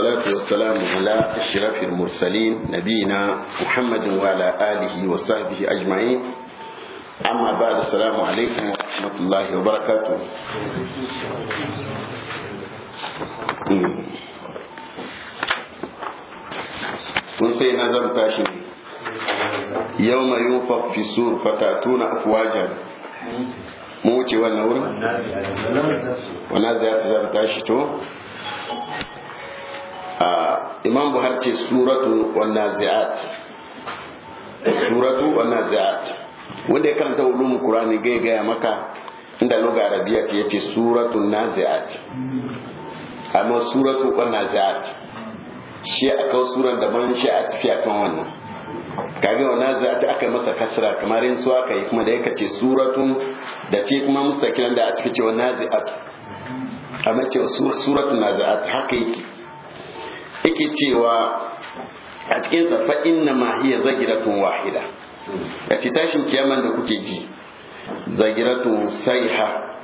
والصلاة والسلام على أشرف المرسلين نبينا محمد وعلى آله وصحبه أجمعين أما بعد السلام عليكم ورحمة الله وبركاته kun sai na zan tashi yau mai yunfak fi sur fatatuna afwajan mu wuce wannan wurin wannan zai zan tashi to imam buhar ce suratu wannan zi'at suratu wannan zi'at wanda ya karanta ulumul qur'ani gai gaya maka inda lugha arabiya ce yace suratu nazi'at amma suratu wannan zi'at shi a kawo suran da ban shi a tafiya kan wannan kaga wannan zi'at aka masa kasra kamar in su aka yi kuma da yake ce suratun da ce kuma mustaqilan da a tafi ce wannan zi'at amma ce suratu nazi'at haka yake yake cewa a cikin safa inna ma hiya zagiratun wahida a ce tashin kiyaman da kuke ji zagiratun saiha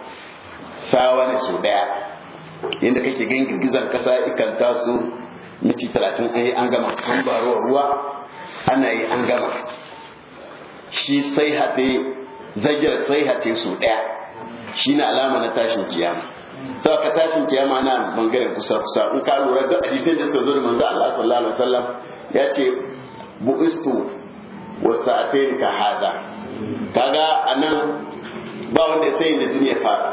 sawa su daya inda kake gan girgizar kasa ikan taso miti talatin an yi an gama an baruwa ruwa ana yi an gama shi sai hate zagirar saiha ce su daya shine alama na tashin kiyama sau ka tashin kiyama na bangaren kusa kusa in ka lura da hadisin da suka zo da manzo Allah sallallahu alaihi wasallam ya ce bu'istu wasa'atain ka hada kaga anan ba wanda sai da duniya fara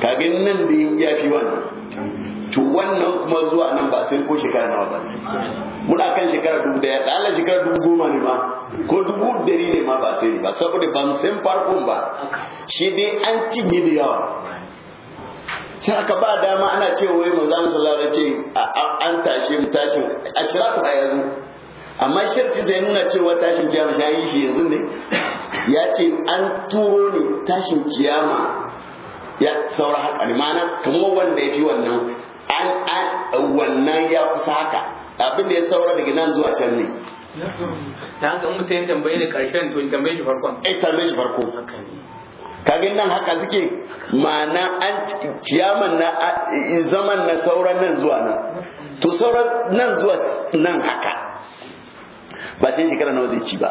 kaga nan da ya fi wannan to wannan kuma zuwa nan ba sai ko shekara nawa ba muna kan shekara dubu daya da Allah shekara dubu goma ne ma ko dubu dari ne ma ba sai ba saboda ba mu san farkon ba shi dai an cinye da yawa sai aka ba dama ana cewa wai manzon sallallahu alaihi ce an tashi mu tashin ashiratu a yanzu amma shirki zai nuna cewa tashin kiyama shi yi shi yanzu ne ya ce an turo ne tashin kiyama ya saura haka ne mana kamar wanda ya fi wannan wannan ya kusa haka abin da ya saura daga nan zuwa can ne ta haka mutum ya tambaye ne, karshen to tambaye shi farkon eh tambaye shi farko ga nan haka suke ma'ana an ciyaman na zaman na sauran nan zuwa nan to sauran nan zuwa nan haka ba sai shekara nawa zai ci ba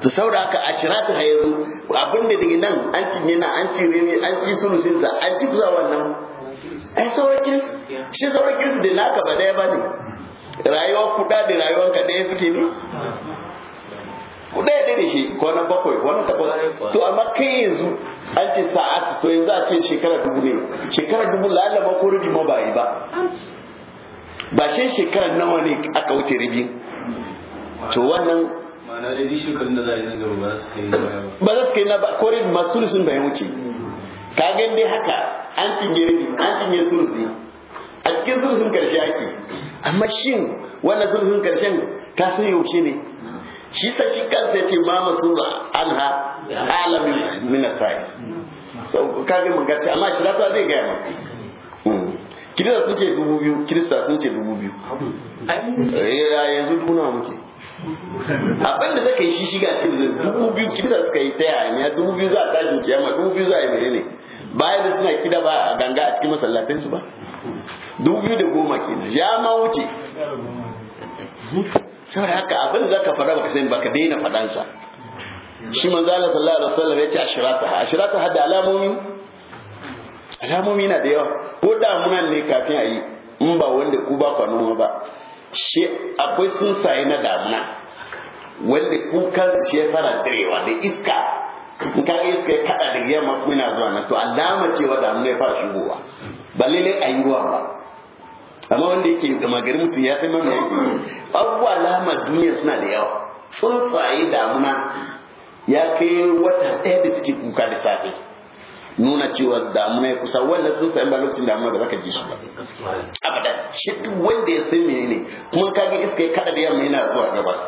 to saboda haka a shira ta yanzu abin da daga nan an cinye na an cire ne an ci sulusinsa an ci kusa wannan ai sauran kiris shi sauran kiris da naka ba daya ba ne rayuwa kuɗa da rayuwar ka daya suke ne kuda ya da shi ko na bakwai na takwas to amma kai yanzu an ce sa'atu to yanzu a ce shekara dubu ne shekara dubu lalama ko ma ba yi ba ba shi shekara nawa ne aka wuce rubi to wannan ba za su kai na ba kore masu sun bai wuce ka dai haka an cinye rabi an cinye sulusi a cikin sulusin karshe ake amma shin wannan sulusin karshen ka san yaushe ne shi sa shi kansa ce ma masula anha alamin min asai so ka ga mun gaci amma shi rafa zai ga maka hmm. kirista sun ce dubu biyu kirista sun ce dubu biyu eh, yanzu dubu nawa muke abin da zaka yi shi shiga cikin dubu biyu kirista suka yi ta yaya dubu biyu za a tashin kiyama dubu biyu za a yi ne bayan da suna kida ba a ganga a cikin masallatin su ba dubu biyu da goma kenan ya ma wuce saboda haka abin da zaka fara baka sani baka daina fadansa shi manzo Allah sallallahu alaihi wasallam ya ce ashirata ashirata hada alamomi alamomi na da yawa ko damunan ne kafin ayi. yi in ba wanda ku ba kwanon ba shi akwai sun sayi na damuna wanda kukan shi ya fara direwa da iska in ka ga iska ya kada da yamma kuma yana zuwa na to alama cewa da ya fara shigowa ba lele a yi ruwa ba amma wanda yake da magari mutum ya sai mamaya abubuwa alama duniya suna da yawa tsuntsaye damuna ya kai wata ɗaya da suke kuka da safe nuna cewa damuna ya kusa wannan tsuntsayen ba lokacin damuna da baka ji su ba abada shi wanda ya san menene kuma ka ga iska ya kada da yamma yana zuwa gabas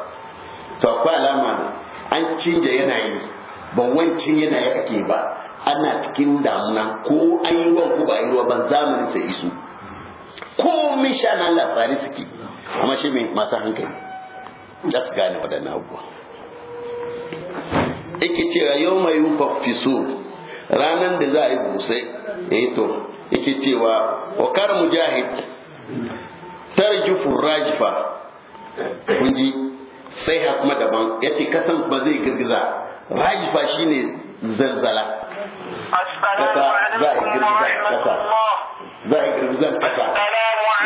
to akwai alama an canja yanayi ba wancan yana ya kake ba ana cikin damuna ko an yi ruwan ko ba yi ruwa ban zamani sai isu ko misha na Allah suke amma shi mai masu hankali da su gane waɗannan abubuwa yake cewa yau mai yufa fiso ranar da za a yi ya yi eh to yake cewa wakar mujahid tarjufu rajifa kun ji sai kuma daban ya ce kasan ba zai girgiza rajifa shine zalzala kasa za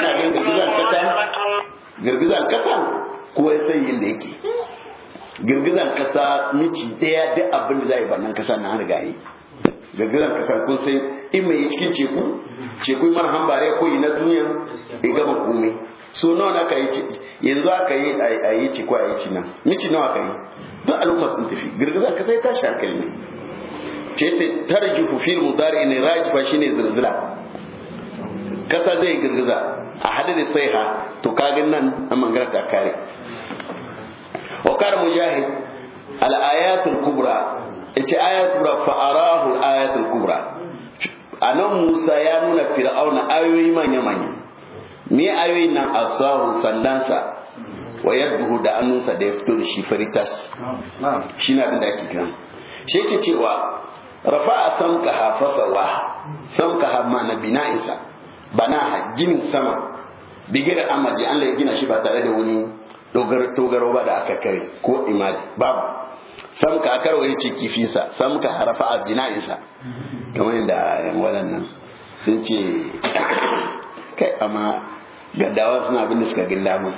a yi girgizar kasa za a girgizar kasa ina ganin girgizar kasa girgizar kasa ko ya sai yin da yake girgizar kasa miki daya da abin da za a yi bannan kasa na riga yi girgizar kasa kun sai in mai cikin ceku ceku mara hambare ko yi na duniya ya gama komai so nawa na ka yi yanzu aka yi a yi ciku a yi cinan miki nawa ka yi duk al'umma sun tafi girgiza ka sai tashi hankali ne ce ta tarjihu fil mudari ne shi ne zilzila kasa zai girgiza a hada da sai ha to kagin nan a mangara ta kare wa kar mujahid al'ayatul ayatul kubra ita ayatul kubra fa arahu al ayatul kubra nan musa ya nuna fir'auna ayoyi manya manya me ayoyin nan asahu sandansa wa yadduhu da annunsa da ya fito da shi faritas shi na da ake kiran shi yake cewa rafa'a samkaha fasawa samkaha ma na bina'isa banaha ginin sama bigira amaji Allah ya gina shi ba tare da wani dogaro ba da aka kare ko Imadi, babu samka a karo ya ce kifinsa samka rafa a bina'isa kamar yadda waɗannan sun ce kai amma gaddawa suna abin da suka gilla mu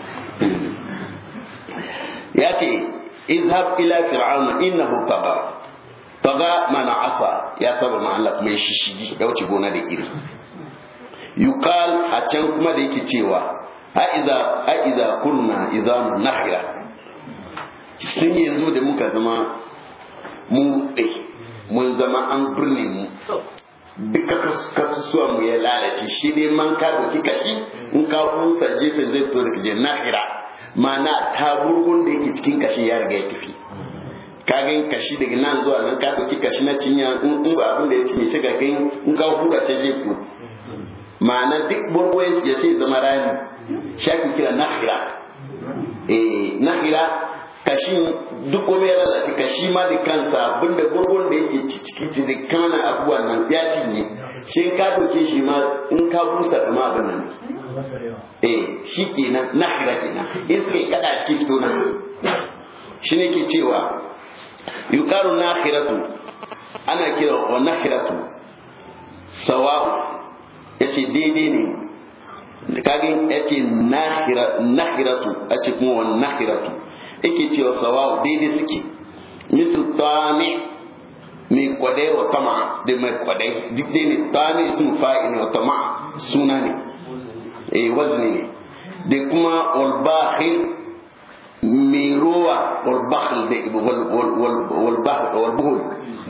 ya ce izhab ila fir'auna innahu tagha tagha mana asa ya saba ma Allah mai shishigi ya wuce gona da iri yuqal a can kuma da yake cewa ha iza iza kunna izamu nahira sun yanzu da muka zama mu eh, mun zama an birne mu duka kasusuwan mu ya lalace shi ne man ka doki kashi in ka busa jefin zai to daga jin nahira ta taburgun da yake cikin kashi ya riga ya tafi ka gan kashi daga nan zuwa nan ka doki kashi na cinya in ba abin da ya cinye shi ga gan in ka hura ta je fito mana duk burgo ya ce zama rami shi kira nahira eh nahira kashi duk wani yana lalace kashi ma da kansa abinda gurgun da yake cikin da kana abubuwan nan ya cinye shi ka doke shi ma in ka busa da ma abin nan eh shi nan na hira nan in suka kada shi fito na shi ne ke cewa yukaru na hiratu ana kira wa na hiratu sawa'u ce daidai ne kagin ce na hiratu a cikin wa na hiratu yake cewa sawa daidai suke misal tami mai kwadai wa tama da mai kwadai duk dai ne tami sun fa'i ne wa tama suna ne eh wazni ne da kuma walbakhil mai ruwa walbakhil da walbakhil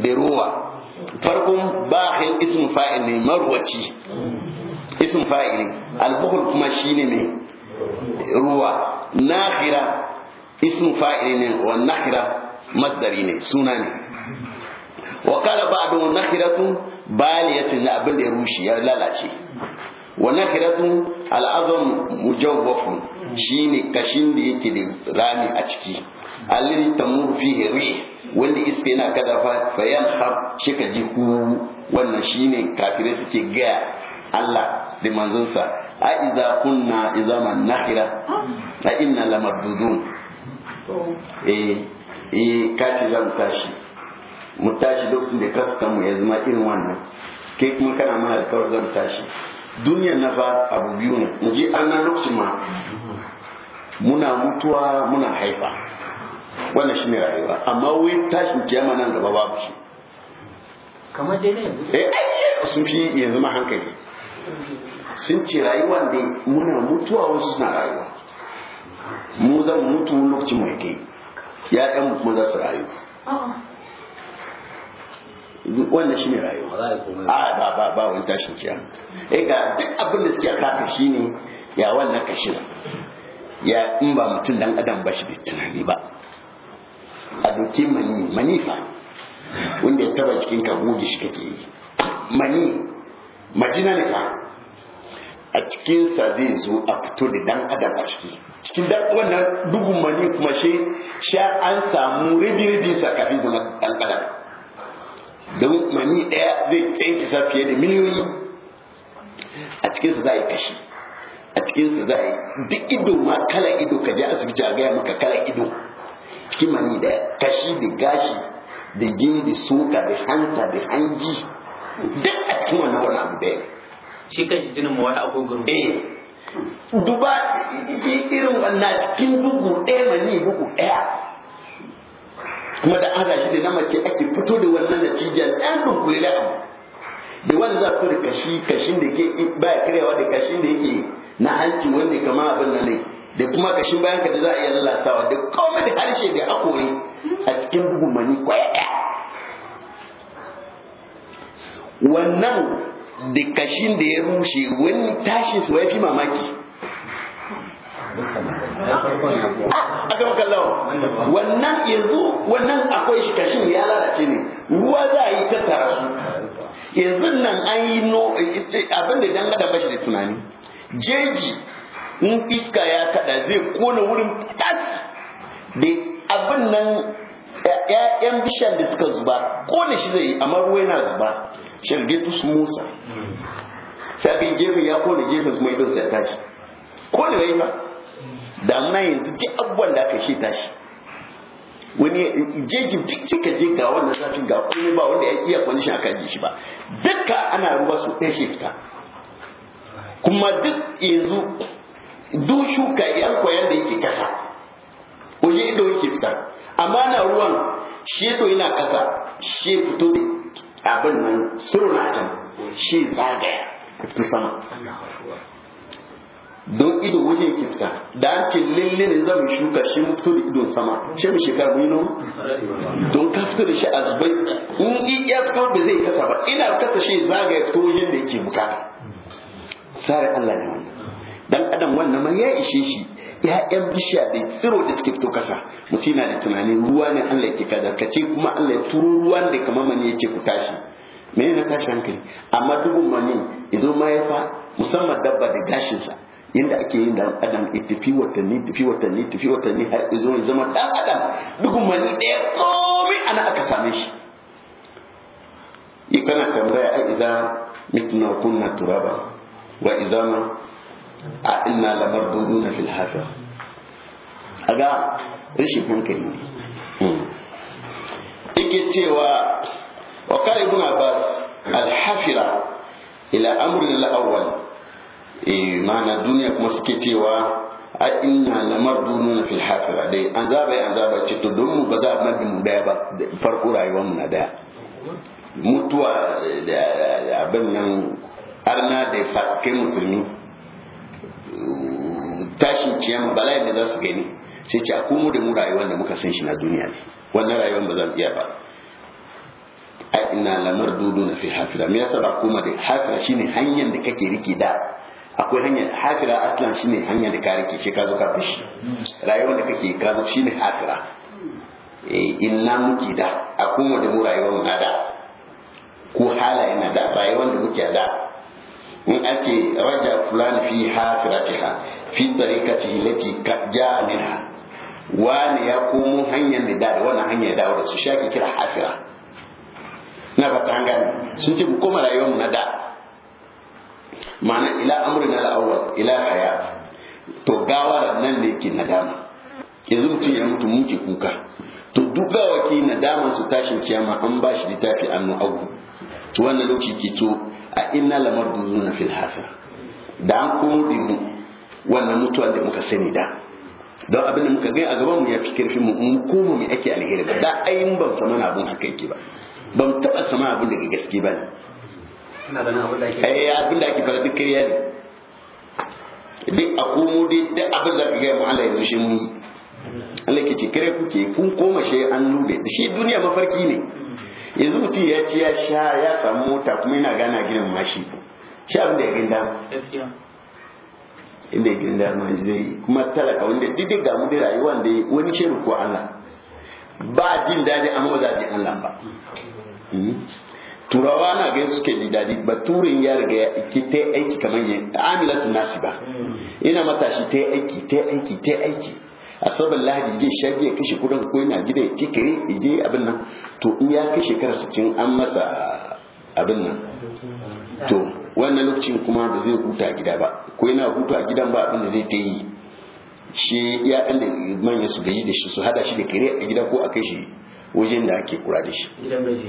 da ruwa farkon bahin isin fa'i ne marwaci isin fa'i ne bukhl kuma shine mai ruwa nakhira ismu fa'ili ne wa nahira masdari ne suna ne wa kala ba'du nakiratu baliyatin na abin da ya rushe ya lalace wa nakiratu al'azam mujawwafun shine kashin da yake da rami a ciki alladhi tamur fihi rih wanda iska yana kada fa yanhar shi ka ji ku wannan shine kafirai suke gaya Allah da manzonsa a idza kunna izaman nakira a inna lamaddudun eh eh kace ce za mu tashi mu tashi lokacin da kasta mu ya zama irin wannan ke kuma kana mana alkawar za mu tashi duniya na fa abu biyu ne mu ji an nan lokacin ma muna mutuwa muna haifa wannan ne rayuwa amma wai tashin kiyama nan gaba babu shi kamar dai ne eh sun fi yanzu ma hankali sun ce rayuwa ne muna mutuwa wasu suna rayuwa mu zan mutu lokacin mu kai ya'yan mu kuma za su rayu wannan shine rayuwa a ba ba ba wani tashin kiya eh ga duk abin da suke kaka ne ya wannan kashi ya in ba mutum dan adam ba shi da tunani ba a doki mani manifa wanda ya taba cikin ka goge shi kake yi mani majina ne ka a cikinsa zai zo a fito da dan adam a ciki cikin wannan dugun mani kuma shi sha an samu rabi sakafin sa dan adam don mani daya zai sa fiye da miliyoyi a cikinsa za a yi kashi a cikinsa za a yi duk ido ma kala ido ka je asibiti a gaya maka kala ido cikin mani daya kashi da gashi da gini da suka da hanta da hanji duk a cikin wannan wani abu daya shi kan jinin mu wani agogon eh duba irin wannan cikin bugu ɗaya mani bugu ɗaya kuma da ana shi da na mace ake fito da wannan natijar ɗan dunkule da abu da wanda za ku da kashi kashin da ke baya karyawa da kashin da yake na hanci wanda kama abin na ne da kuma kashin bayan ka da za a iya lalasawa da komai da harshe da akore a cikin bugu mani kwaya wannan da kashin da ya rushe wani tashin su ya mamaki ah, a kan kallawa wannan yanzu wannan akwai shi kashin ya lalace ne ruwa za a yi tattara su yanzu nan an yi no abin da dan bashi da tunani jeji in iska ya kada zai kona wurin tas da abin nan ƴaƴan bishiyar da suka zuba ko da shi zai amma ruwa yana zuba shirgitus musa sabin gefe ya kone gefe kuma idon sai tashi ko da yayi ba damuna yanzu duk abubuwan da aka shi tashi wani jeji duk ka je ga wannan zafin ga komai ba wanda ya iya kwanishin aka ji shi ba dukka ana ruwa su ɗaya shi fita kuma duk yanzu duk shuka yan koyan da yake kasa waje ido yake fitar amma na ruwan shi ido yana ƙasa shi fito da abin nan suruna can shi zagaya fito sama don ido waje yake fita da an ce lalle ne zamu shuka shi mu fito da idon sama shi mu shekara mu yi nomu don ka fito da shi a zubai in ya fito ba zai kasa ba ina kasa shi zagaya fito wajen da yake bukata sare Allah ne wannan dan adam wannan ma ya ishe shi ya'yan bishiya da tsiro da suke fito kasa mutum yana da tunani ruwa ne Allah yake kada ka ce kuma Allah ya turo ruwan da kamar mani yake ku tashi me na tashi hankali amma dubun mani izo ma ya fa musamman dabba da gashin sa yanda ake yin dan adam ya tafi watanni tafi watanni tafi watanni har izo ya zama dan adam dubun mani ɗaya komai ana aka same shi yi kana tambaya a idan mitna kunna turaba wa idan a inna lamar dudu na filhafiya a ga rashin hankali ne ike hmm. cewa wa kare ibn abbas alhafira ila amurin al'awwal eh, ma'ana duniya kuma suke cewa a inna lamar dunu na filhafira dai an zaba an zaba ce to don mu ba za a mabi mu daya ba farko rayuwar mu na daya mutuwa da abin nan arna da fasikai musulmi tashin kiyama bala'in da za su gani sai ce a kuma da mu rayuwar da muka san shi na duniya ne wannan rayuwar ba zan iya ba a ina lamar dudu na fi hafira me yasa ba kuma da hafira shine hanyar da kake riki da akwai hanyar hafira aslan shine hanyar da ka rike ce ka zo ka fashi rayuwar da kake ka zo shine hafira eh, inna muke da a kuma da mu rayuwar mu na da ko halaye na da rayuwar da muke da in ake ce raja fulani fi hafiratiha fi barikatihi lati ja'a nina. wani ya komo hanyar da dada wannan hanyar da wadda su shaki kira hafira na ba ta sun ce ku koma rayuwar mu na da ma'ana ila amurin na la'awar ila haya to gawar nan ne ke nadama yanzu mutum ya mutu muke kuka to duk ke nadaman su tashin kiyama an ba shi littafi annu agu to wannan lokaci ke to a inna lamarduna fil hafira da an komo dimu wannan mutuwa da muka sani da don abin da muka gani a gaban mu ya fi karfi mu mu koma mu ake alheri ba da ayin ban sama abun hakan ke ba ban taba sama abun daga gaske ba ne suna eh, abin da ake da ake fara duk kariya ne duk a komo dai duk abin da ake gaya mu Allah yanzu shi mu. yi Allah ke ce kare kuke kun koma shi an nube shi duniya mafarki ne yanzu mutum ya ci ya sha ya samu mota kuma yana gana ginin mashi shi abin da ya ginda inda ya ginda ma zai kuma talaka wanda duk ga mu da rayuwa da wani shirin ko Allah ba jin daɗi amma ba za ji Allah ba hmm? turawa na ga suke ji daɗi ba turin ya riga ki ta aiki kamar yin amilatu nasi ba hmm. ina matashi ta aiki ta aiki ta aiki asabar lahadi je shagi ya kashe kudin ko yana gida ya je kare ya je abin nan to in ya kai shekara cin an masa abin nan to wannan lokacin kuma ba zai huta gida ba ko yana hutu a gidan ba abin da zai ta yi shi ya ɗan da manya su gaji da shi su hada shi da kare a gida ko a kai shi wajen da ake kura da shi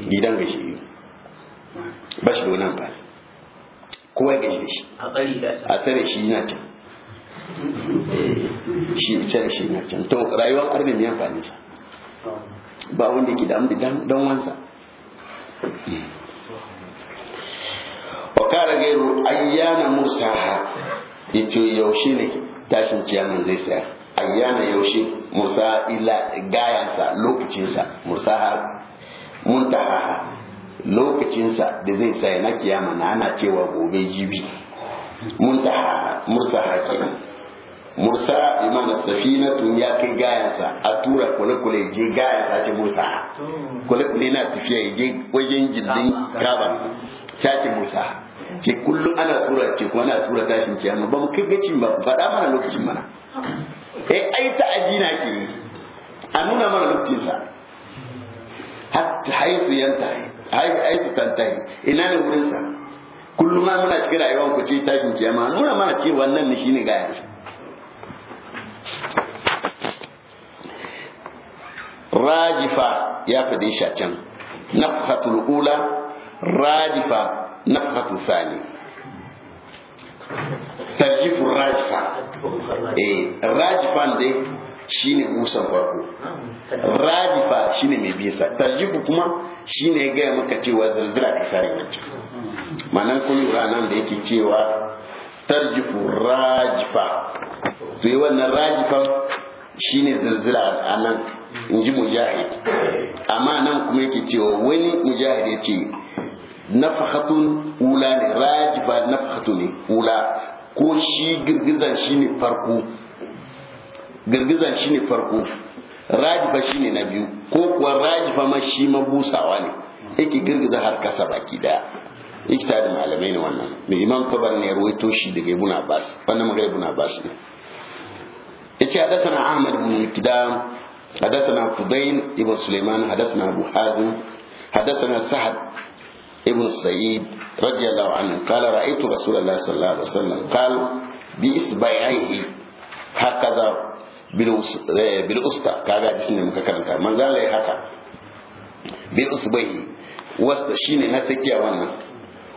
gidan gashi ba shi da wani amfani kowa ya gaji da shi a tsare shi yana can Eh, shi cire shi na can to rayuwar arnin ya fani sa ba wanda ke damu da dan wansa wa kara gairu ayyana musa ha ito yaushe ne tashin ciyanin zai tsaya ayyana yaushe musa ila gayansa lokacinsa musa ha muntaha lokacinsa da zai tsaya na kiyama na ana cewa gobe jibi muntaha ha hakiman mursa bi mana tun ya kai gayansa a tura kwale-kwale je gayansa ce mursa kwale-kwale na tafiya je wajen jirgin kaba ce mursa ce kullum ana tura ce kuma ana tura tashin amma ba mu kai gaci ba faɗa mana lokacin mana eh ai ta na ke a nuna mana lokacin sa hatta haisu yantahi haisu tantai ina ne wurin sa kullum muna cikin rayuwar ku ce tashin kiyama nuna mana ce wannan ne shine gayansa rajifa ya fade shi a can nafhatul ula rajifa nafhatul sani tarjifun rajifa eh rajifa dai shine musan farko rajifa shine mai biyasa tarjifu kuma shine ya gaya maka cewa zirzira ka sare wancan manan kun lura nan da yake cewa tarjifu rajifa to yi wannan rajifan shine zirzira a nan in ji mujahid amma nan kuma yake cewa wani mujahid ya ce nafhatun wula ne rajiba nafhatu ne wula ko shi girgizan shi ne farko girgizan shi ne farko rajifa shi ne na biyu ko kuwa rajifa ma shi ma busawa ne yake girgiza har kasa baki daya da malamai ne wannan mai imam kabar ne ruwaito shi daga ibn abbas wannan magana ibn abbas ne yace hadathana ahmad bin kidam حدثنا فضيل ابن سليمان حدثنا أبو حازم حدثنا سعد ابن السيد رضي الله عنه قال رأيت رسول الله صلى الله عليه وسلم قال بإصبعيه هكذا بالأسطى كذا جسم مكاكرا من قال لي هكذا بالأصبعيه وسط شيني نسكي وانا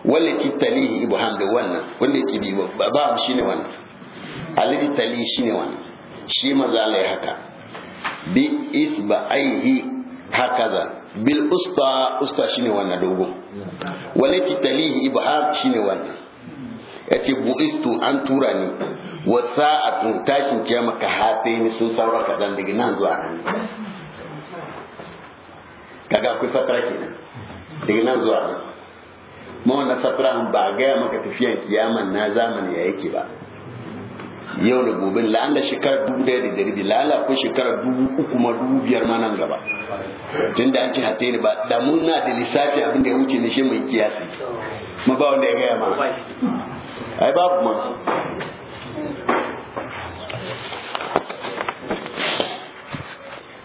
والتي تليه إبهام وانا والتي بابا شيني وانا التي تليه شيني وانا شيما قال لي هكذا bi isba'aihi hakaza bil usta usta shine wannan dogon walati talihi ibhar shine wannan yace bu'istu an tura ni wa sa'atun tashin kiyama ka ni sun saura kadan daga nan zuwa nan kaga akwai fatara kenan daga nan zuwa nan ma wannan fatara ba ga maka tafiyan kiyaman na zamani ya yake ba yau da gobe la'alla shekarar dubu daya da dari biyu la'alla ko shekarar dubu uku ma dubu biyar ma nan gaba tun da an ce hatta ba da mun na da lissafi abin da ya wuce ne shi mai kiyasi ma ba wanda ya gaya ma ai babu ma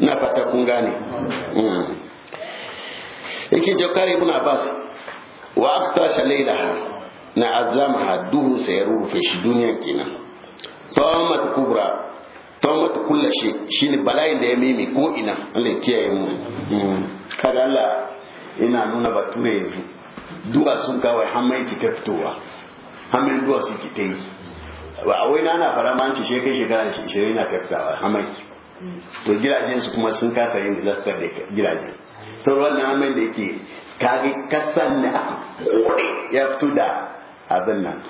na fata kun gane hmm. yake jaukar ibn abbas wa aktasha lailaha na azamaha duhu sai rufe shi duniya kenan tamata kubra tamata kulla shi ne bala da ya mimi ko ina Allah ya kiyaye mu mm. kada Allah ina nuna bature yanzu duwa sun kawo hamai ki ta fitowa hamai duwa sun ki tai ba a waina na na fara manci shi kai shekara 20 na ta fitawa hamai to gidajen su kuma sun kasa yin disaster da gidajen sau wannan hamai da yake kage kasan na kore ya fito da abin nan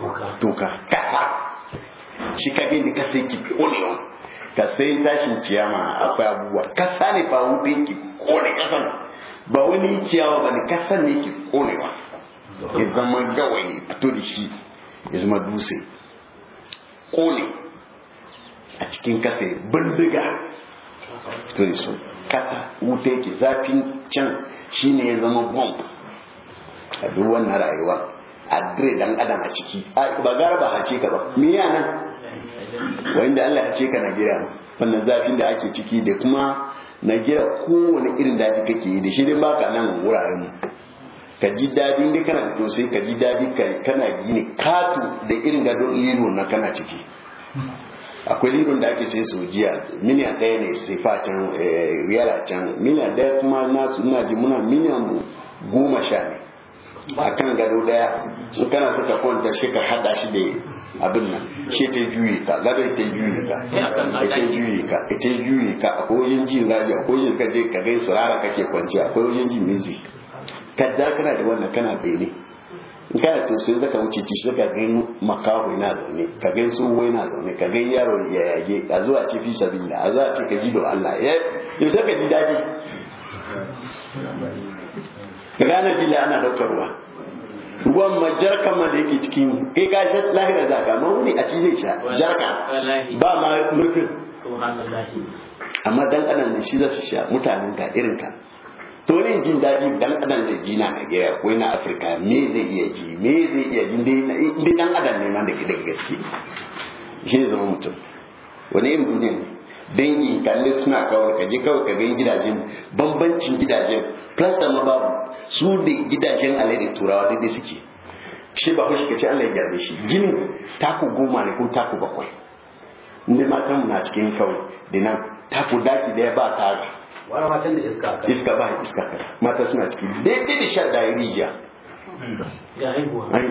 toka kasa shi ka da ka sai ki konewa ka sai tashin ciyama akwai abubuwa kasa ne ba wuta ki kone kasan ba wani ciyawa ba ne kasa ne ki konewa ya zama ne fito da shi ya zama dutse kone a cikin kasa bindiga fito da su kasa wuta yake zafin can ne ya zama bomb a duk wannan rayuwa a dire dan adam a ciki ba gara ba hace ka ba me yana wanda Allah ya ce ka na gira. wannan zafin da ake ciki da kuma na gira kowane irin daji kake yi da shi dai baka nan wuraren mu ka ji daɗi da kana da sai ka ji daɗi kana gini katu da irin gadon lilo na kana ciki akwai liron da ake sai su jiya miliyan ɗaya ne sai facin eh, riyala can miliyan ɗaya kuma nasu ina ji muna miliyan goma sha ne ba kan gado daya su kana so ka kwanta shi ka hada shi da abin nan shi ta juye ka labar ta juye ka ita juye ka ita juye ka a wajen jin radio a wajen ka je ka gai rara kake kwanci a wajen jin music kadda kana da wannan kana bene in kana to sai zaka wuce ci shi ka gani makawo ina zaune ka gani wai na zaune ka gani yaro ya yage a zuwa ci fi sabilla a zuwa ci ka ji da Allah eh, ya sai ka ji dadi ranar bila ana daukar ruwa ruwan ma jarka ma da yake cikin kai ka sha lahira za ka ma wani a ci zai sha jarka ba ma mulkin amma dan adam ne shi za su sha mutanen ka irin ka to ne jin daɗi dan adam zai ji na ya ko na Afirka me zai iya ji me zai iya ji dai dan adam ne ma da gidan gaske shi ne zama mutum wani irin duniya ne dangi kalli suna kawar ka je kawai ka gidajen bambancin gidajen plaster ma babu su da gidajen alheri turawa daidai suke shi ba haushi ka ce Allah ya gyarbe shi gini taku goma ne ko taku bakwai ne matan na cikin kawai da nan taku daki ya ba wani matan da iska iska ba iska kada mata suna daidai da da rijiya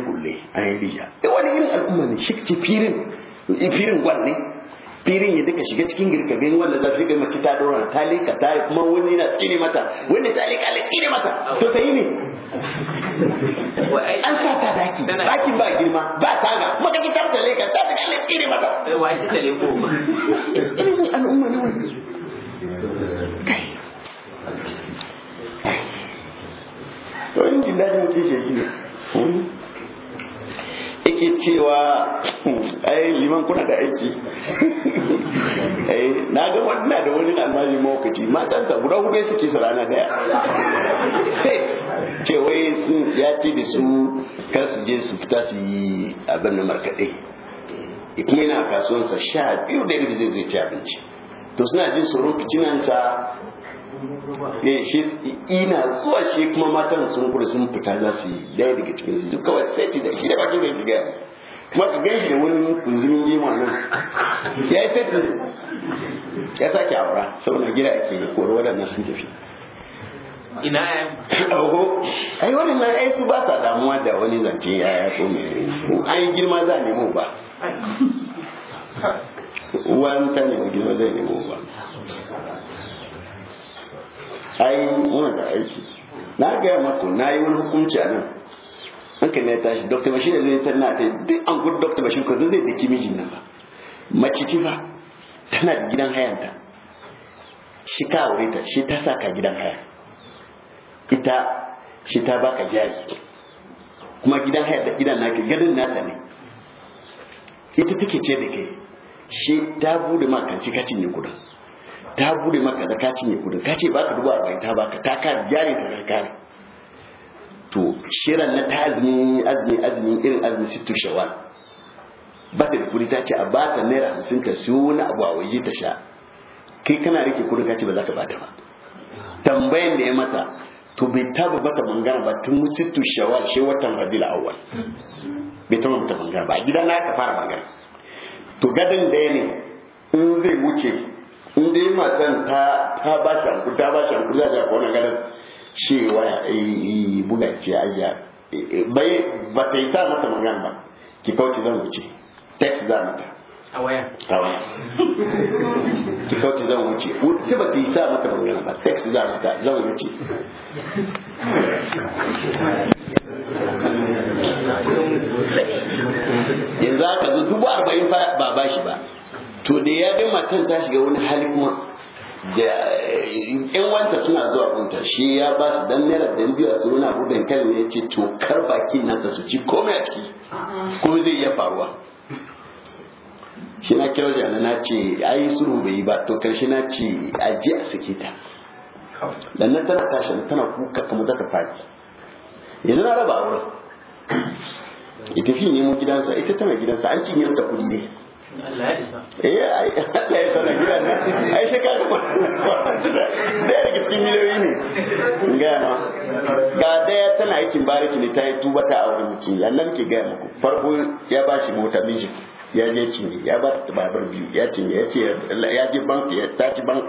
kulle rijiya wani irin al'umma ne shi ce firin firin filin ya duka shiga cikin girka gani wanda za su shiga mace ta dora ta leka ta yi kuma wani na tsini mata wani ta leka ala tsini mata to ta yi ne an sa ta daki dakin ba girma ba taga kuma ka ta ta leka ta ta ala tsini mata wa shi ta leko ma ina son al'umma ne wani kai to in jin dadin kishi shi ne yake cewa ai liman kuna da aiki eh, na ga wannan da wani almajin mawakaci matansa guda hudu suke su rana daya sex ce wai sun ya ce da su kar su je su fita su yi abin na markaɗe e, kuma yana kasuwansa sha biyu da zai zai ci abinci to suna jin tsoro kicinansa ne shi ina zuwa shi kuma matan sun kuri sun fita za su yi daya daga cikin su duk kawai sai da shi da bakin da daga kuma ka gaishe da wani kunzumin jima nan ya yi sai su ya sake aura saboda gida ake yi koro waɗannan sun tafi ina ya ai wannan na ai su ba sa damuwa da wani zance ya ya ko mai an yi girma za a nemo ba uwa ta ne girma zai nemo ba ainihin wani da aiki na gaya mako na yi wani hukunci a nan hankali ya tashi dr da zai tana ta duk an gudu dokta bashir ko zai daki mijin nan ba macici ba tana da gidan hayanta shi ka aure ta shi ta saka gidan haya ita shi ta baka jari kuma gidan haya da gidan ke gadin nata ne ita take ce da kai shi ta bude ma kanci kacin ne kudin ta bude maka da ka cinye kudin ka ce baka dubu arba'in ta baka ta ka jari ta ka to shirin na ta azumi azumi azumi irin azumi sittu shawal ba ta da kudi ta ce a ba ta naira hamsin ta siyo wani abu a waje ta sha kai kana rike kudin ka ce ba za ka bata ba tambayan da ya mata to bai taba bata mangana ba tun sittu shawal shi watan rabiul awwal bai taba bata mangana ba a gidan na ka fara mangana to gadon da ya ne in zai wuce in dai matan ta ta ba shi hankuri ta ba shi an za ga kona ganin cewa eh, eh, buga ce ajiya eh, bai ba ta yi sa mata magana ba ki kauce zan wuce text za mata a waya a waya ki kauce zan wuce wuce ba ta yi sa mata magana ba text za mata zan wuce yanzu aka zo dubu arba'in ba ba shi ba to da ya bi matan ta shiga wani hali kuma da yan eh, wanta suna zuwa kunta shi ya ba su dan naira dan biyu a suruna abu dankali ne ya ce to kar bakin nan su ci komai a ciki ko zai iya faruwa shi na kira jana na ce ai suru bai yi ba to karshe na ce a je a sake ta dan nan tana tashi tana kuka kuma za ta faɗi yanzu na raba auren ita fi nemo gidansa ita tana gidansa an cinye ta kuɗi ne Allah ya isa. Eh, Allah ya isa gidan nan. Ai sai daga cikin miliyoyi ne. Gaya Ga daya tana aikin bariki ne ta yi tuba ta aure mutum. Allah muke gaya muku. Farko ya ba mota miji ya je cinye ta babur biyu ya cinye ya ce ya je bank ya ta ci bank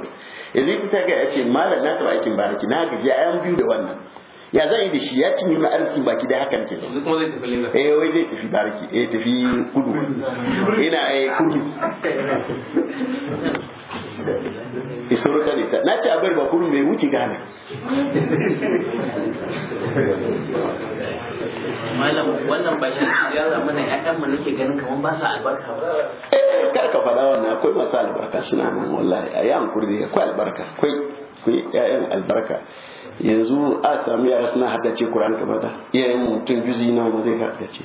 yanzu ita ta ga ya ce malam na taba aikin bariki na gaji ya biyu da wannan ya zan yi da shi ya cinye mai arziki baki da hakan ce kuma zai tafi lagos eh wai zai tafi barki eh tafi kudu ina eh kudu historical data na ce abar ba kudu mai wuce gane malam wannan bakin ya zama na yakan kan nake ganin kaman ba sa albarka eh kar ka faɗa wannan akwai masu albarka suna nan wallahi a yi hankuri da akwai albarka akwai akwai albarka yanzu a samu yara suna haddace kuran ka da iyayen mutum juzi na ba zai haddace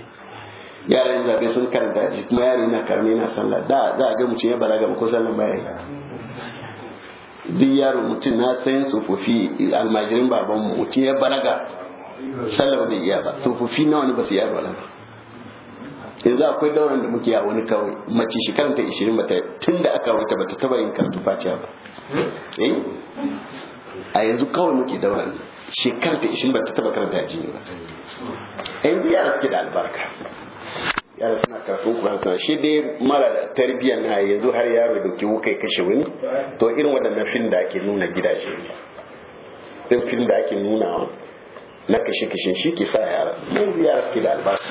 yara yanzu ga sun karanta shi kuma yara na karne na sallah da za a ga mutum ya balaga ko sallan baya duk yaro mutum na sayan tsofaffi almajirin baban mutum ya ga sallah bai iya ba tsofaffi nawa ne ba su iya balaga yanzu akwai dauran da muke a wani kawai mace shi karanta 20 bata tun da aka wuta bata taba yin karatu faciya ba eh? a yanzu kawai muke daura ne shekar ta ishirin ba ta taba karanta jini ba yanzu yara suke da albarka yara suna karatun kuma suna shi dai mara tarbiyyar na yanzu har yaro da ke wuka kashe wani to irin waɗannan fim da ake nuna gidaje ne ɗin fim da ake nuna na kashe kashe shi ke sa yara yanzu yara suke da albarka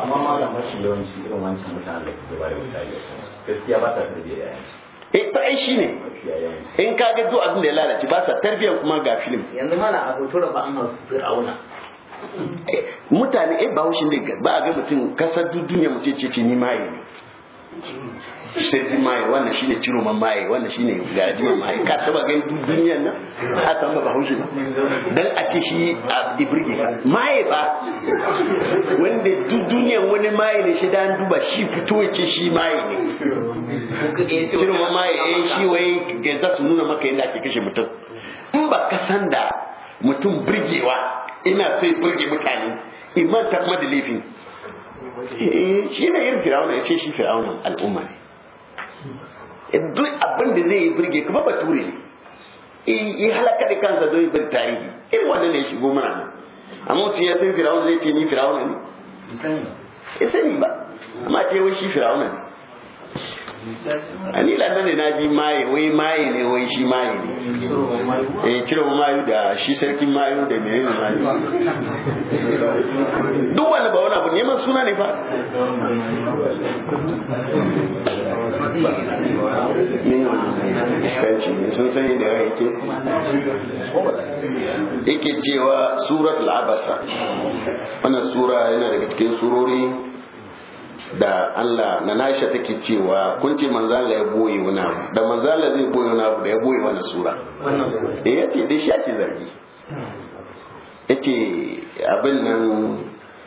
amma malam mashi yawanci irin wancan mutane da ke bayar da gaskiya ba ta tarbiyyar yanzu eh to ai shine in ka ga duk abin da ya lalace ba sa tarbiyyar kuma ga film yanzu mana a hoto ba an fir'auna mutane eh ba hushin da ba ga mutum kasar duniya mutum ce ce ni ma ne sirri maye wannan shine ciro man maye wannan shine gaji maye ka saba gani duk duniyar nan a san ba haushi ba dan a ce shi a ibirge ka maye ba wanda duk duniyar wani maye ne shi dan duba shi fito yake shi maye ne ciro man maye eh shi wai ga za su nuna maka yadda ake kashe mutum in ba ka san da mutum birgewa ina sai birge mutane iman ta kuma da laifin eh, shi ne irin firawuna ya ce shi firawunan al'umma ne Eh, duk abin da zai yi birge kuma bature ne eh, yi halaka da kansa zai bin tarihi irin wannan ne shigo mana nan amma su ya san firawun zai ce ni firawun ne sani ba amma ce wai shi firawun ne ani ladan da naji maye wai maye ne wai shi maye ne eh cire mayu da shi sarki mayu da mai ne mayu duk wanda ba wani abu neman suna ne fa iskanci ne sun san da ya yake yake cewa suratul abasa wannan sura yana daga cikin surori da Allah na nasha take cewa kun ce Allah ya boye wani abu da Allah zai boye wani abu da ya boye wani sura eh yace dai shi ake zargi yace abin nan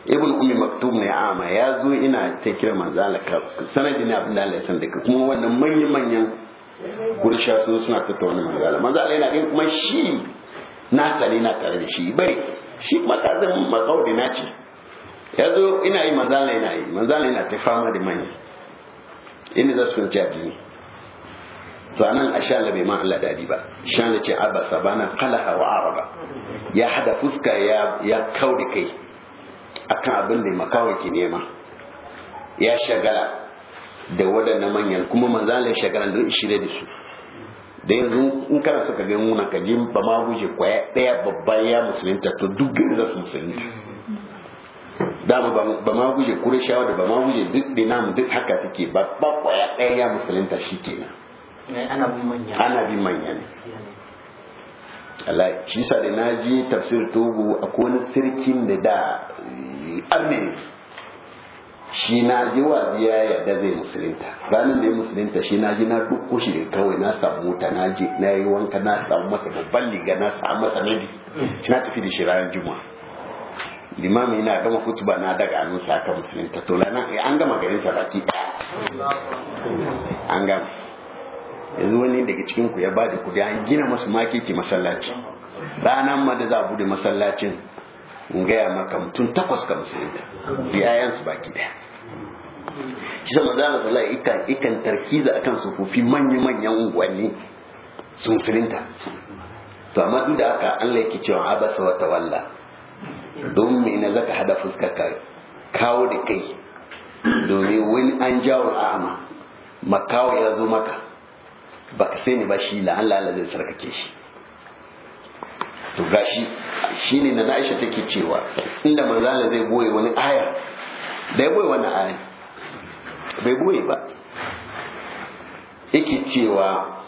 ibn ummi maktum ne ama ya zo ina ta kira Allah ka sanadi ne abin da Allah ya san daga kuma wannan manyan manyan gurisha sun suna Allah manzala Allah yana din kuma shi na sani na tare da shi bai shi matazin makaudi na ce ya zo ina yi manzana ina yi manzana ina ta fama da manya inda za su kwanci a jini to anan a sha bai ma Allah dadi ba sha na ce abba bana kala wa araba ya hada fuska ya ya kauri kai akan abin da makawai ke nema ya shagala da waɗannan manyan kuma manzala ya shagala don shirye da su da yanzu in kana suka ga nuna ka ji ba ma guje kwaya daya babban ya musulunta to duk gari za su musulunta dama ba ma guje kurashawa da ba ma guje duk dinam duk haka suke ba ba kwaya ɗaya ya musulunta shi kenan eh, ana bin manya ana bin manya ne Allah shi sa da na ji tafsir tubu akwai wani sirkin da da eh, amin shi na ji wa biya da zai musulunta ranar da ya musulunta shi na ji na dukko shi da kawai na samu wuta na ji na yi wanka na samu masa babban liga na samu masa shi mm. na tafi da shi ranar juma'a limami yana gama kutuba na daga annunsa aka tola to lana eh, an gama garin sabati an gama yanzu wani daga cikin ku ya ba da kudi an gina masu makiki masallaci ranar ma da za a bude masallacin in gaya maka mutum takwas ka musulunta su baki daya shi sama za mu sallah ikan ikan tarkiza akan sufufi manya-manyan unguwanni su ta to amma duk da haka Allah yake cewa abasa wata walla. don mai na zaka hada fuskar ka kawo da kai domin wani an jawo a'ama makawo ya zo maka baka sai ne ba shi la'an Allah zai sarkake shi to gashi shine na Aisha take cewa inda manzo Allah zai boye wani aya da ya boye wani aya bai boye ba yake cewa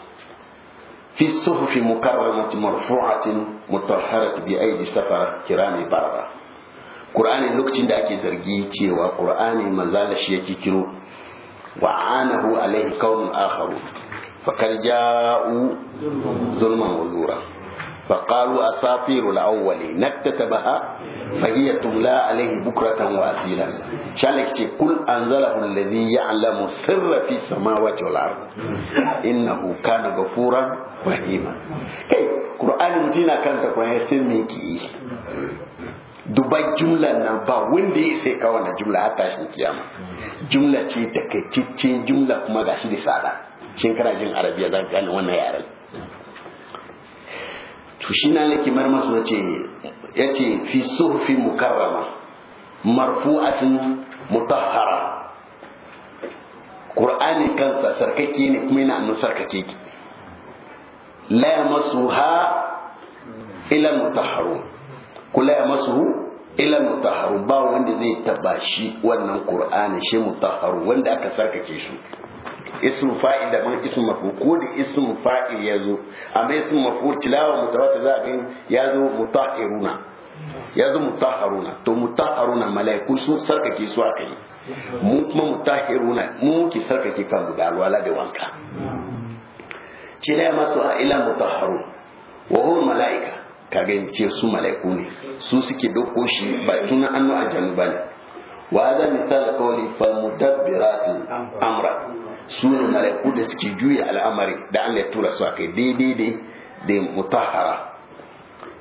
fi suhufi mukarramati marfu'atin mutahharati bi aidi safara kirami barara qur'ani lokacin da ake zargi cewa qur'ani manzala shi yake kiro wa anahu alaihi qaumun akharu fakal ja'u zulman wa zura فقالوا أساطير الأول نكتتبها فهي تملى عليه بكرة وأسيلا شالك قل أنزله الذي يعلم سر في السماوات والأرض إنه كان غفورا رحيما كي قرآن متينا كان تقرأ يسميكي duba jumla nan ba wanda ya sai kawo na jumla har tashin kiyama jumla ce takaitaccen jumla kuma gashi da sada shin kana jin arabiya za ka gane wannan yaren to shi na laki marmasu ya ce fi sufi mukarrama marfu'atun mutahara ƙur'ani kansa sarkake ne kuma yana annu sarkake ki la yamasuha ila mutahharun kula masu ila mutaharu ba wanda zai taba shi wannan ƙur'ani shi mutaharu wanda aka sarkake shi ismu fa'il da man ismu maf'ul amma ismu maf'ul tilawa mutawatir za a ga ya zo mutahiruna ya zo mutahharuna to mutahharuna mala'iku su sarkake su aka yi mu kuma mutahiruna mu muke sarkake kan guda alwala da wanka cire masu a ila mutahharu wa hum mala'ika kaga in ce su mala'iku ne su suke dauko shi ba tun annu a janu bane wa hada misal qawli fal mudabbirat amra su ne mala'iku da suke juya al'amari da an ya tura su a kai daidai da mutahara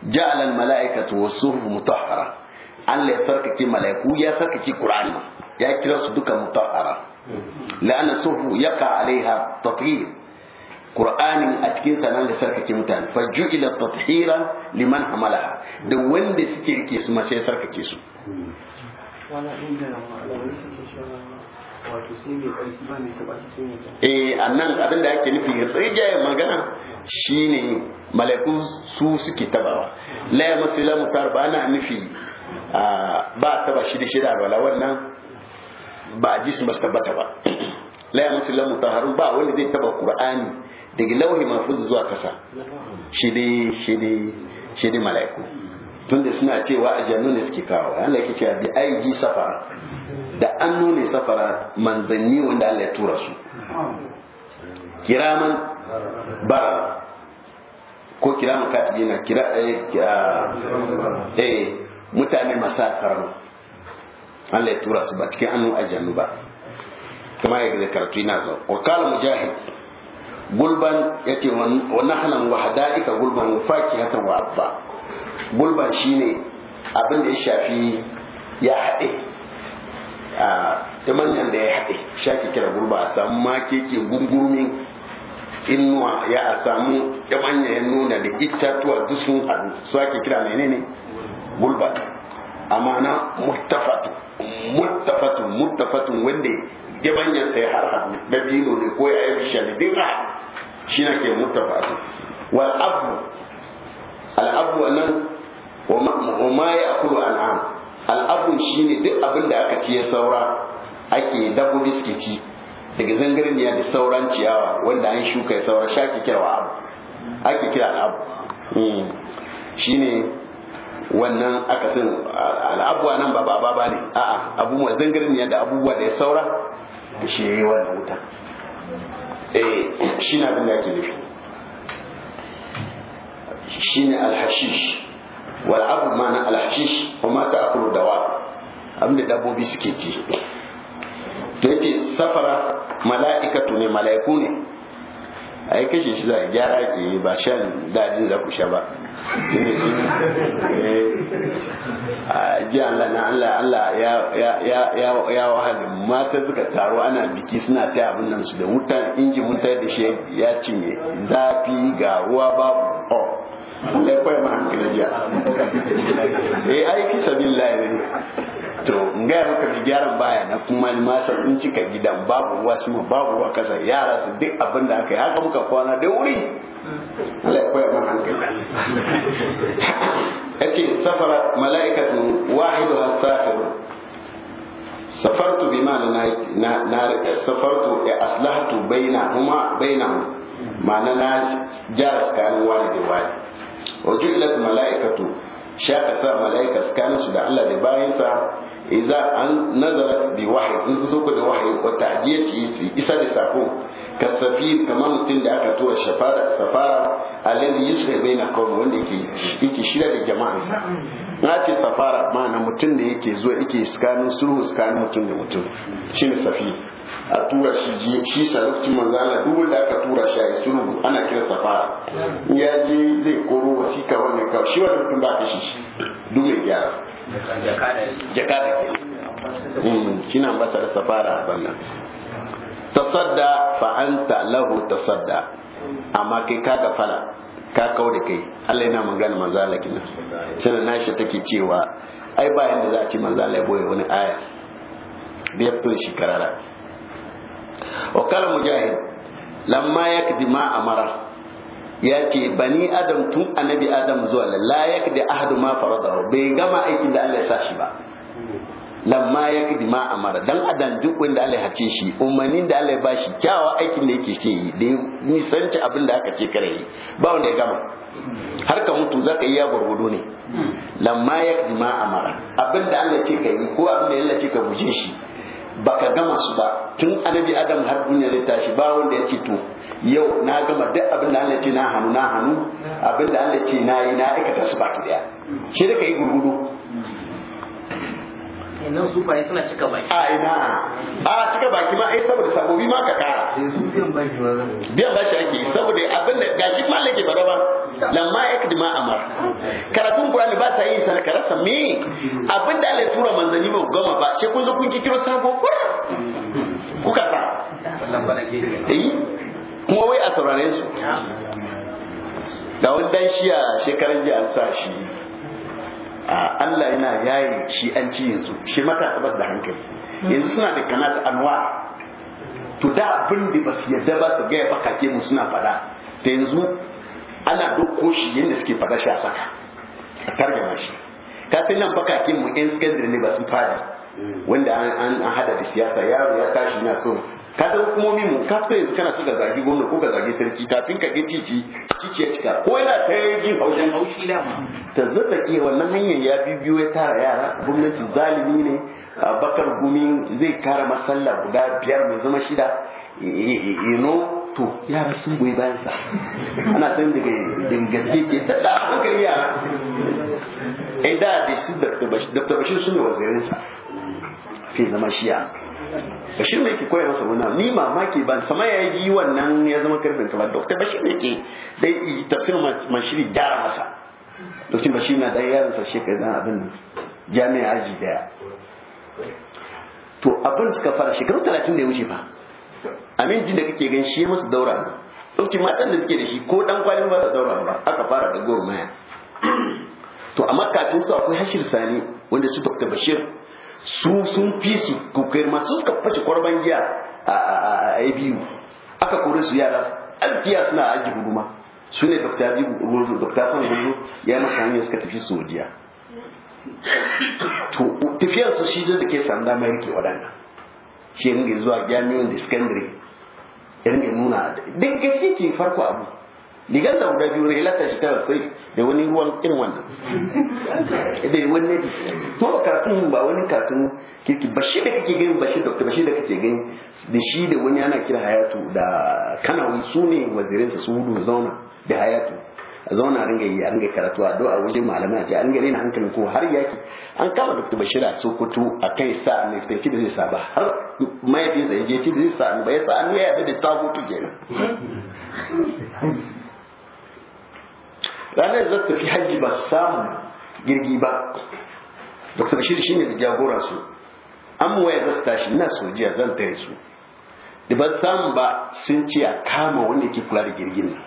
jaalan mala'ikatu wasuhuf mutahara Allah ya sarkake mala'iku ya sarkake Qur'ani ya kira su duka mutahara la'anna suhu yaqa alaiha tathir Qur'anin a cikin sa nan da sarkake mutane fa ju'ila tathira liman hamalaha da wanda suke rike su ma sai sarkake su wala inda malamai suke shawarwa eh annan abin da ake nufi rijaye magana shine malaiku su suke tabawa la ya masu ila mutar ba na nufi ba taba shida shida ba la wannan ba jismas tabbata ba la ya masu ila mutar ba wanda zai taba qur'ani daga lauhi mahfuz zuwa kasa shi dai shi dai shi dai malaiku tunda suna cewa ajannu ne suke kawo Allah yake cewa bi aiji safara da an ne safara manzanni wanda Allah ya tura su kiraman bara ko kiraman katibi na kira eh, eh mutane masa karama Allah ya tura su ba cikin annu ajannu ba kuma ya da karatu ina zo wa kala mujahid gulban yace wa nahlan wa hadaika gulban wa fakihatan wa abba gulban shine abin da ya shafi ya haɗe a manyan da ya haɗe shafi kira gulba a samu makeke gungurmin inuwa ya a samu manya ya nuna da itatuwa duk sun haɗu su ake kira menene gulba amma na muttafatu muttafatu muttafatu wanda yamanya sai har haɗu dabino ne ko ya yi bishiya ne shi na ke muttafatu wal abu al'abu nan wa ma ya akulu al'am al'abu shine duk abin da aka ciye saura ake dabo biskiti daga zangarniya da sauran ciyawa wanda an shuka saura sha ke kira abu ake kira al'abu hmm. shine wannan aka san al'abu nan ba ba ba ne a'a mai zangarniya da abubuwa da ya saura da shi yayi wannan wuta eh shi na bin da ake nufi shine alhashish wal abu mana alhashish wa mata akulu dawa abinda dabbobi suke ci to yake safara mala'ikatu ne mala'iku ne a kashe shi za gyara ke ba shan dajin da ku sha ba eh, eh, eh. a ji Allah na Allah Allah ya wahalin mata suka taro ana biki suna ta abin nan su da wuta injin wuta da shi ya cinye zafi ga ruwa babu oh. Allah ya koya mana hankali jiya eh ai kisa billahi ne to ga maka bi gyaran baya na kuma masar in cika gidan babu ruwa sama babu ruwa kasa yara su duk abin da aka yi haka muka kwana da wuri Allah ya koya mana hankali yace safara mala'ikatu wahidu as-safir safartu bima na na safartu ya aslahtu bainahuma bainahum ma'ana na jara tsakanin wani da wani wa ju'ilat mala'ikatu shaka sa mala'ika tsakanin su da Allah da bayansa idza an nazarat bi wahyi in su suka da wahyi wa ta'diyati isa da sako kasafir kamar mutum da aka tura safara alladhi yusri baina qawmi wanda yake yake shirya da jama'ansa na ce safara ma'ana mutum da yake zuwa yake tsakanin sulhu tsakanin mutum da mutum shine safi a tura shi shi sarauci manzo Allah duk wanda aka tura shi a sulhu ana kira safara ya je zai koro wasika wannan ka shi wanda mutum ba ka shi duk mai gyara jakada jakada ke shi hmm, na ambassador safara a bannan tasadda fa anta lahu tasadda amma kai ka gafala ka kau da kai Allah yana magana manzo Allah kina sai nashi take cewa ai ba yanda za a ci manzo Allah ya boye wani aya da ya fito shi karara wa kala mujahid lamma yakdi ma amara ya ce bani adam tun annabi adam zuwa la yakdi ahadu ma faradahu bai gama aikin da Allah ya sa shi ba lamma ya kadi ma amara dan adam duk wanda Allah ya hace shi umarnin da Allah ya bashi kyawawan aikin da yake ce yi da nisanci abin da aka ce kare yi ba wanda ya gama har ka mutu za ka yi ya gwargwado ne lamma ya kadi ma amara abin da Allah ce ka yi ko abin da Allah ce ka buje shi baka gama su ba tun annabi adam har duniya ne tashi ba wanda ya ce to yau na gama duk abin da Allah ce na hannu na hannu abin da Allah ce na yi na aikata su ki daya shi da ka yi gurgudu kenan su bai suna cika baki a ina a cika baki ma ai saboda sabobi ma ka kara eh, biyan baki ma biyan bashi ake saboda abin da gashi malaki baraba lamma yakdima amar karatun qur'ani ba ta yi sana karasa me abin da Allah tura manzanni ba goma ba sai kun zo kun kikiro sabo kuka ta eh kuma wai a saurare su da wani dan shiya shekaran jiya sa shi Allah yana yayi shi an ci yanzu shi matasa ba da hankali yanzu suna da kanal anwa to da abin da ba su yarda ba su gaya bakake mu suna fada ta yanzu ana dokko shi yadda suke fada shi a saka a targama shi ka sai nan bakakin mu yan sakandare ne ba su fada wanda an hada da siyasa yaro ya tashi na so ka da hukumomi mu ka fita yanzu kana shiga zagi gwamna ko ka zagi sarki kafin ka ga cici cici ya cika ko yana ta yi jin haushin haushi da ma ta zata ke wannan hanyar ya bibiyo ya tara yara gwamnati zalimi ne bakar gumi zai kara masalla guda biyar mai zama shida ino to yara sun goyi bayan sa ana san daga gaske ke ta da hankali yara ai da da su da tabashin sun da wazirin sa fi zama shiya bashir mai ke koya masa wannan ni mamaki ban sama ya ji wannan ya zama karfin ka ba dokta bashir mai ke dai tafsirin mashiri gyara masa lokacin bashir na ɗaya yaron sa shekaru zan abin nan jami'a aji daya to abin suka fara shekaru talatin da ya wuce ba amin jin da kake gan shi ya masa daura dokta ma matan da suke da shi ko dan kwalin ba da daura ba aka fara da gormaya to amma kafin su akwai hashir sani wanda su dokta bashir su sun fi su kokari ma su suka fashe kwarban giya a abu aka kori su yara alfiya suna aji huduma su ne dokta gurzu dokta san gurzu ya masu hanyar suka tafi sojiya wajiya tafiyar su shi da ke sanda damar rike waɗanda shi ya ringa zuwa jami'in da secondary ya ringa nuna duk gaske ke farko abu digar da guda biyu relata ta shiga sai da wani ruwan irin wannan da wani to kafin ba wani kafin kirki ba shi da kake gani ba shi dokta ba shi da kake gani da shi da wani ana kira hayatu da kanawi su ne sa su hudu zauna da hayatu a zauna a ringa yi a ringa karatu a do'a waje malamai a ce an gane rena hankalin ko har yaki an kama da dr bashir a sokoto a kai sa mai fahimci da zai sa ba har mahaifinsa ya je ci da zai sa ba ya sa an ya yarda da tagutu kenan ranar da tafi hajji ba samu girgi ba dr bashir shi ne da jagora su an waya za su tashi ina sojiya zan ta su da ba samu ba sun ce a kama wanda ke kula da girgin nan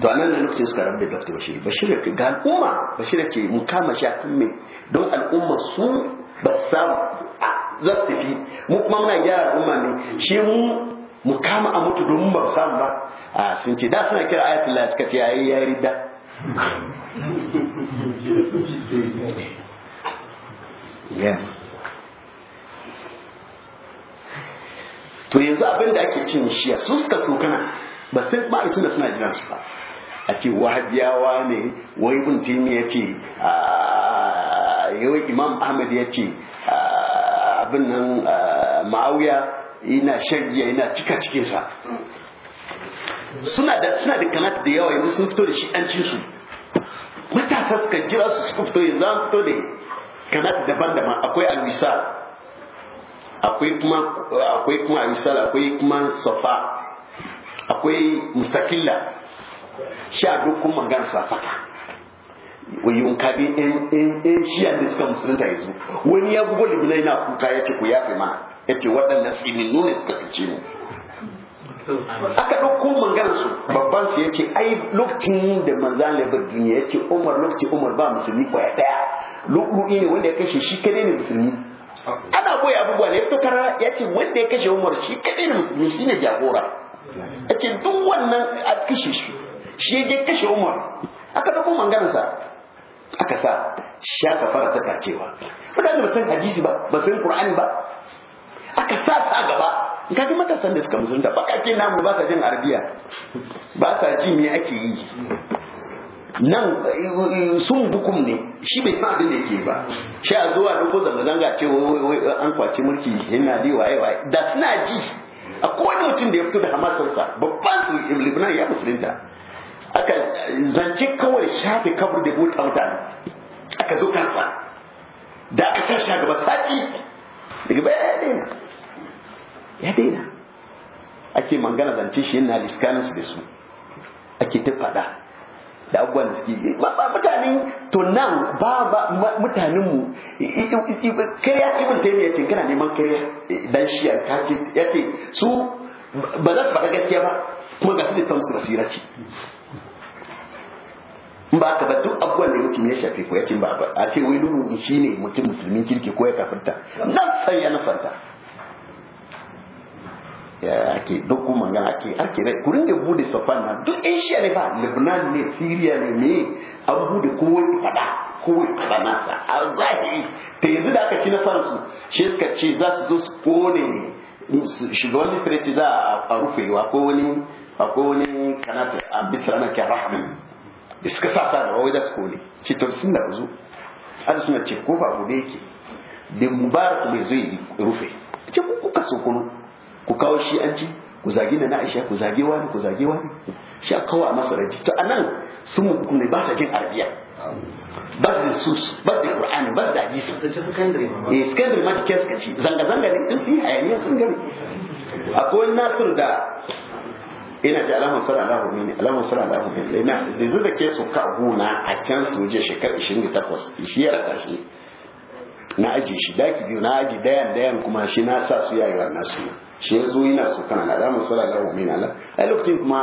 to a nan lokacin suka rabu da dr bashir bashir ga al'umma bashir ce mu kama shi a kan mai don al'umma su ba samu za su tafi mu kuma muna gyara al'umma ne shi mu mu kama a mutu domin ba samu ba a sun ce da suna kira ayatullah suka ce yayi yayi ridda to yanzu abin da ake cin shiya su suka so kana ba sun ba da suna jiran su ba a ce wahabiyawa ne wai ibn ya ce a yawai imam ahmad ya ce abin nan ma'auya yana shagiya yana cika cikinsa suna da suna da kamar da yawa yanzu sun fito da shi an cin su matasa suka jira su suka fito yanzu an fito da kanat daban-daban akwai alwisa akwai kuma akwai kuma alwisa akwai kuma safa akwai mustakilla sha duk kuma magana safaka wayin kabi in in in shi da suka musulunta yanzu wani ya gugu limina yana kuka ya ce ku yafe mana yace waɗannan tsininu ne suka fice mu aka ɗauko maganar su babban su yace ai lokacin da manzan labar duniya yace Umar lokacin Umar ba musulmi kwaya ɗaya lu'lu'i ne wanda ya kashe shi kadai ne musulmi ana boye abubuwa ne fito kara yace wanda ya kashe Umar shi kadai ne musulmi ne jagora yace duk wannan a kashe shi shi ya kashe Umar aka ɗauko maganar sa aka sa aka fara ta kacewa. mutane ba san hadisi ba ba san Qur'ani ba aka sa ta gaba ga duk matasan da suka musulunta bakake namu ba sa jin arabiya ba sa ji me ake yi nan sun bukum ne shi bai san abin da yake ba shi a zuwa duk zanga zanga ce an kwace mulki yana bi waye waye da suna ji a kowane mutum da ya fito da hamasarsa babban su libnan ya musulunta aka zance kawai shafe kabur da buta mutane aka zo kansa da aka sa shi a gaba sati daga bayan ya daina ake magana zance shi yana diskaninsu da su ake ta faɗa da abubuwan da suke yi ba mutanen to nan ba ba mutanen mu kariya ibn taymiya ce kana neman kariya dan shi ya kace su ba za su faɗa gaskiya ba kuma ga su da tamsu basira ce in ba ka ba duk abubuwan da ya mutum ya shafe ko ya ce ba a ce wai dubu shi ne mutum musulmin kirki ko ya kafinta nan sai ya nufanta ake duk magana ake ake ne kurin da bude safan na duk in shi ne ba Lebanon ne siriya ne ne, an bude kowai fada kowai fada nasa a zahiri ta yanzu da aka ci nasarar su shi suka ce za su zo su kone shugaban misira ce za a rufe wa ko wani akwai wani kanata a bisa ranar kyan rahama da suka sa da wawai da su kone ce to sun da zo an suna ce kofa gobe yake da mubarak bai zo rufe ce kuka so kuno ku kawo shi an ci ku zagi na Aisha ku zagi wani ku zagi wani shi a kawo a masa raji to anan sun ne ba sa jin arabiya ba su sus ba da qur'ani ba da hadisi eh secondary ma take suka ci zanga zanga ne in su hayaniya sun gani akwai nasir da ina ji alamun sara Allahu mini alamun sara Allahu mini ina da zuwa ke su ka gona a can soje shekaru 28 shi ya raka na aji shi daki biyu na aji dayan dayan kuma shi na sa su yayi na su shi ya zo yana so kana da mu sallallahu alaihi wa sallam ai lokacin kuma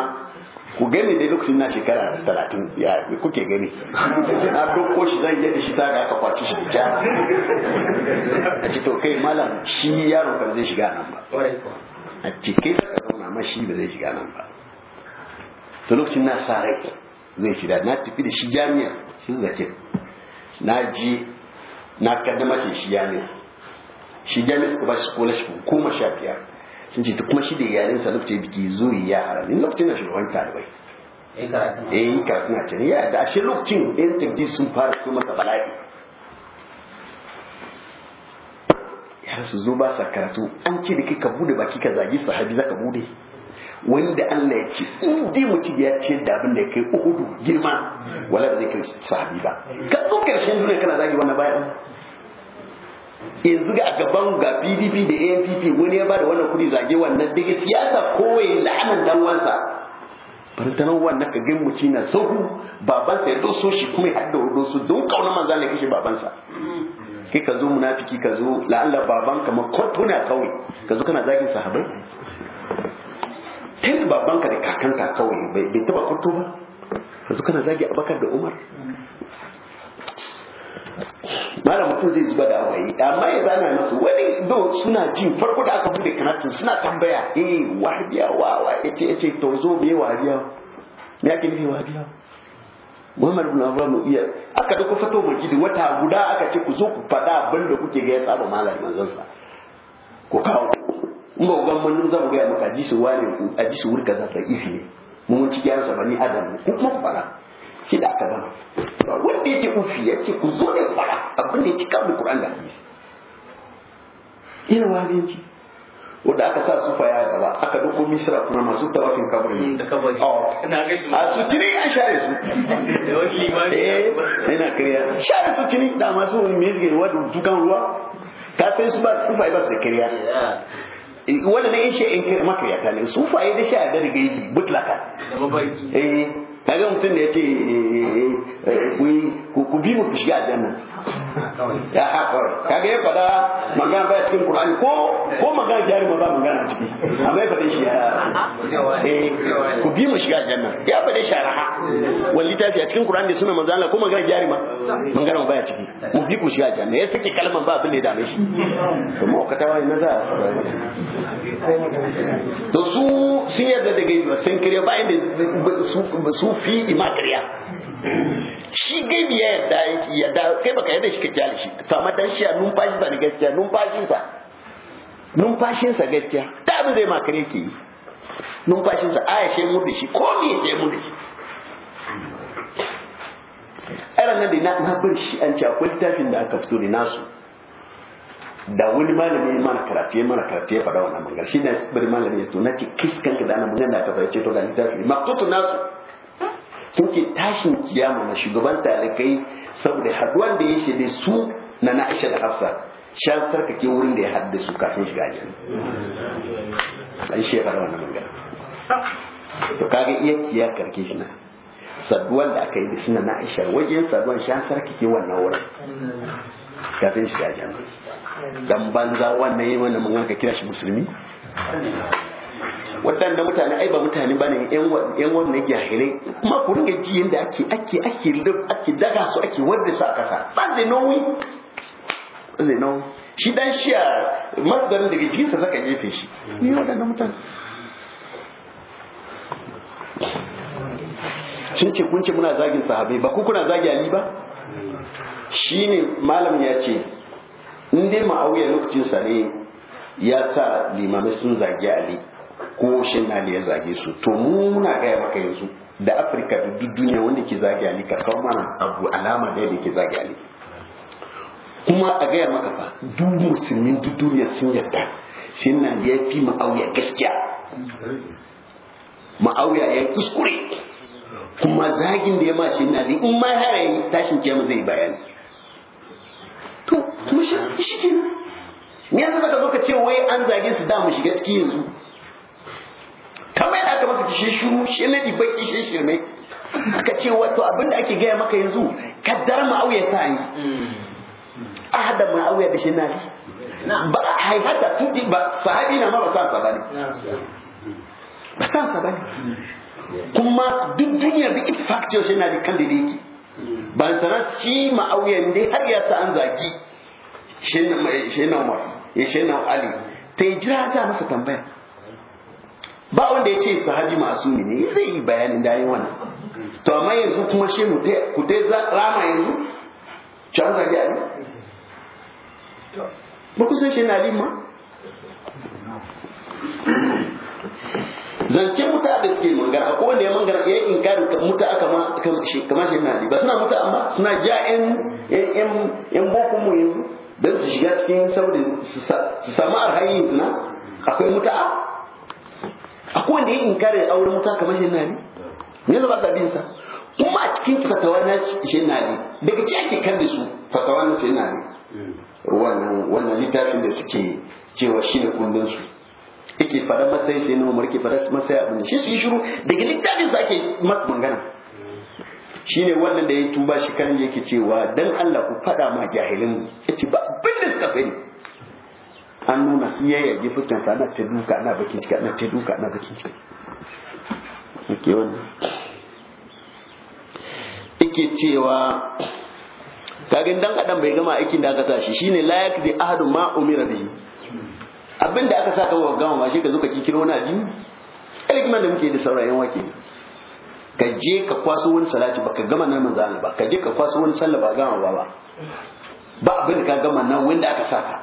ku gani dai lokacin na shekara talatin ya kuke gani na doko shi zan yi shi taga ka kwaci shi da ja a ce to kai malam shi yaro kan zai shiga nan ba a cike da za zauna amma shi ba zai shiga nan ba to lokacin na sa rai zai shiga na tafi da shi jami'a shi zace na ji na mace shi jami'a shi jami'a suka ba shi kola shi kuma sha biyar sun ce kuma shi da yayin sa lokacin biki zuri ya harami lokacin na shugaban talibai eh yi karatu na eh, can ya da ashe lokacin yan tafi sun fara su masa bala'i ya su zo ba sa karatu an ce da kai ka bude baki ka zagi sahabi za ka bude wanda Allah ya ce in dai mutum ya ce da abin da ya kai uhudu girma wala da zai kai sahabi ba ka so shi duniya kana zagi wannan bayan yanzu ga gaban ga PDP da ANPP wani ya bada wannan kudi zage wannan daga siyasa kowai la'anan dan wansa nan wannan ka gan mutum na baban babansa ya doso shi kuma ya hadda doso don kauna manzo Allah ya baban babansa kai ka zo munafiki ka zo la'alla baban ka ma kawai ka zo kana zagin sahabai tun babanka da kakanka kawai bai taba kwanto ba yanzu kana zagi abakar da umar mara mutum zai zuba da hawaye amma ya zana masu wani do suna ji farko da aka bude kanatun suna tambaya eh wahabiya wawa ya ce to zo me wahabiya me yake nufi wahabiya Muhammad ibn mu iya aka dauko fato gidi wata guda aka ce ku zo ku fada abin da kuke ga ya tsaba malar manzon sa ku kawo in ba uban mun za mu ga maka ji su ware ku a ji wurka za ta ifi ne mun ci gyan sa bani adam ne ku kuma fara shi da aka gama wanda yake ufi ya ce ku zo ne fara abin da yake ci kan Qur'an da hadisi wani wadanci wanda aka sa su faya ba aka dauko misra kuma masu tawafin kabari da kabari oh. ina ga shi a su tiri an share su da wani limami eh, ina kariya share su tiri da masu wani mizgir wadu dukan ruwa ka su ba su faya ba su da kariya waɗannan yan shi'a yan makaryata ne sufaye da a dare rigaidi mutlaka eh kaga mutum da ya ce eh, eh, eh, ku bi mu ku shiga aljanna ya kawai kaga ya faɗa magana a cikin qur'ani ko ko magana jari ma za magana ciki amma ya faɗe shi ya ku bi mu shiga aljanna ya faɗe shi raha wani littafi a cikin qur'ani suna manzo Allah ko magana jari ma magana a ciki ku bi ku shiga aljanna ya sake kalman ba abin da ya dame shi to mu ka tawaye na za to su sun yarda da gaibi sun kire ba inda su fi imatriya shi gaibi ya yarda yake yadda kai baka yadda shi ka kyale shi to amma dan shi numfashi ba ne gaskiya numfashinsa numfashinsa gaskiya ta abin da ya ma ke yi numfashinsa aya shi mu da shi ko me ya mu da shi irin nan da na bar shi an ci akwai littafin da aka fito da nasu da wani malami ya mana karatu ya mana karatu ya faɗa wannan magana shi ne bari malami ya to na ce kiskan ka da ana magana da aka fara ce to ga littafi maktutu nasu sun ce tashin kiyama na shugaban talakai saboda haduwan da ya shi da su na na aisha da hafsa shan sarkake wurin da ya hadda su kafin shiga jini an shekara wani manga to kaga iya kiyar karke shi na saduwan da aka yi da suna na aisha wajen saduwan shan sarkake wannan wurin kafin shiga jini dan banza wannan yi wannan magana ka kira shi musulmi waɗanda mutane ai ba mutane ba ne yan wannan jahilai kuma ku ringa ji yadda ake ake ake ake daga su ake wadda su a kasa ba da nauyi ba da nauyi shi dan shiya masdarin daga jinsa zaka jefe shi ni waɗannan mutane sun ce kun ce muna zagin sahabai ba ku kuna zagi ali ba shine malam ya ce in dai lokacin sa ne ya sa limamai sun zagi ali ko shin da ya zage su to mu muna gaya maka yanzu da afirka da duk duniya wanda ke zage ali ka kawo mana abu alama da yadda ke zage ali kuma a gaya maka fa duk musulmin duk duniya sun yarda na nan ya fi ma'auya gaskiya ma'auya ya kuskure kuma zagin da ya ma shi na in ma har yi tashin kiyama zai bayani to kuma shi shi me yasa baka zo ka ce wai an zage su da mu shiga ciki yanzu kamar yana aka masa kishe shuru shi na ɗiban kishe shirme aka ce wato abinda ake gaya maka yanzu kaddar ma'auya sa yi hmm. a hada ma'auya da shi na ba a haifata tuɗi ba sahabi na ma ba sa sa bane ba sa sa bane kuma duk duniya bi ittifaq cewa shi na da kan da yake hmm. ban sanar shi ma'auyan dai har ya sa an zaki shi na umar ya shi na ali ta yi jira za masa tambaya ba wanda ya ce sahabi masu ne zai yi bayanin da yin wannan to amma yanzu kuma shi mu te ku te rama yanzu can zage ali ba ku san shi na ali zance muta da suke mangar a wanda ya mangar ya inkari muta kama kama shi na ali ba suna muta amma suna ja yan yan yan boko mu yanzu dan su shiga cikin saboda su samu arhayin tuna akwai muta akwai wanda ya inkarin auren wuta kamar shi nani ne zaba sa bin sa kuma a cikin fatawa na shi ne daga ci ake kan da su fatawa na shi nani wannan wannan littafin da suke cewa shi ne kundin su yake fara masai shi ne umar ke fara masai abin shi su yi shiru daga littafin sake ake masu magana ne wannan da ya tuba shi kan yake cewa dan Allah ku fada ma jahilin yace ba abin da suka sani an nuna su ya yage fuskansa ana ta duka ana bakin cika ana ta duka ana bakin ciki ake wannan ake cewa kagin dan adam bai gama aikin da aka sa shi shine layak da ahadu ma umira bihi abinda aka saka wa gama ma shi ka zo ka kikiro wani aji alikman da muke da saurayen wake ka je ka kwaso wani salati ba ka gama nan manzo Allah ba ka je ka kwaso wani sallah ba gama ba ba ba abin da ka gama nan wanda aka saka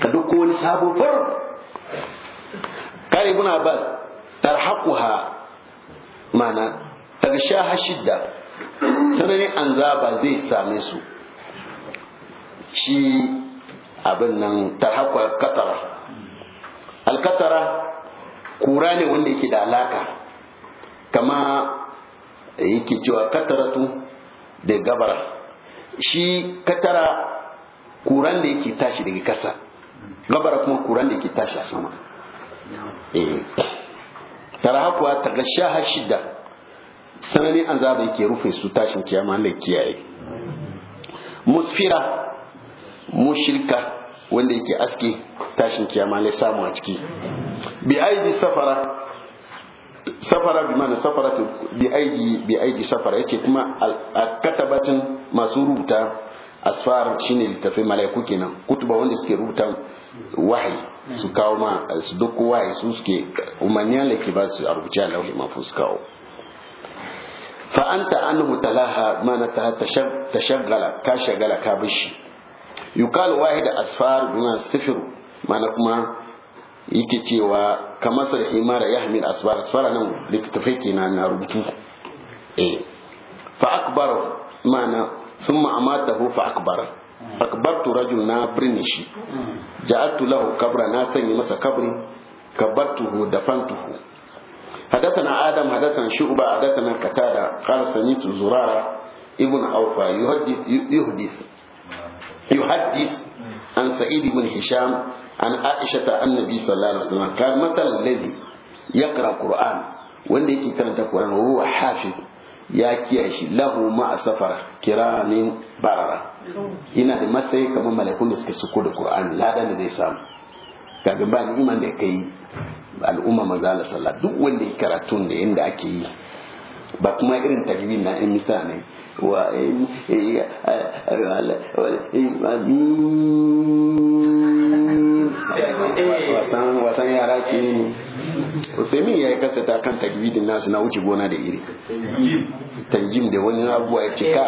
ka duk wani sabo far kare ibn abbas tarhaquha mana tarsha hashidda sananin anzaba zai same su shi abin nan tarhaquha katara alkatara kura ne wanda yake da alaka kama yake cewa kataratu da gabara shi katara kuran da yake tashi daga kasa gabara kuma kuran da ke tashi a sama eh tara kuwa taga sha har shida sanani an zaba yake rufe su tashin kiyama Allah kiyaye musfira mushrika wanda yake aske tashin kiyama Allah samu a ciki bi aidi safara safara bi mana safara bi aidi bi aidi safara yace kuma a katabatin masu rubuta asfar shine littafai malaiku kenan kutuba wanda suke rubuta wahayi su kawo ma su dukku wahayi su suke umarniyar da ke ba su a rubuce a lauhi mafi su kawo fa anta annahu talaha mana ta tashagala ka shagala ka bishi yuqalu da asfar duna sifiru mana kuma yake cewa kamar sa ya hamil asfar asfar nan littafai kenan na rubutu eh. fa akbaru mana sun ma'amata hufa akbar akbartu rajul na birni shi ja'attu lahu kabra na sanya masa kabri kabartuhu da fantuhu حدثنا آدم حدثنا شعبة حدثنا قتادة قال سمعت زرارة ابن أوفى يحدث يحدث يحدث عن سعيد بن هشام عن عائشة النبي صلى الله عليه وسلم قال مثل الذي يقرأ القرآن wanda yake karanta Qur'an huwa hafiz ya kiyaye shi lahu ma a safar kira barara ina da matsayi kamar malakun da suka suko da qur'ani ladan da zai samu kaga ba ni'iman da kai al'umma manzo sallallahu duk wanda ya karatun da yanda ake yi ba kuma irin tajwin na imisa ne wa eh, eh, eh, wasan yara ke ne usaimin ya yi kasata kan tajwidin nasu na wuce gona da iri tanjim da wani abuwa ya ce ka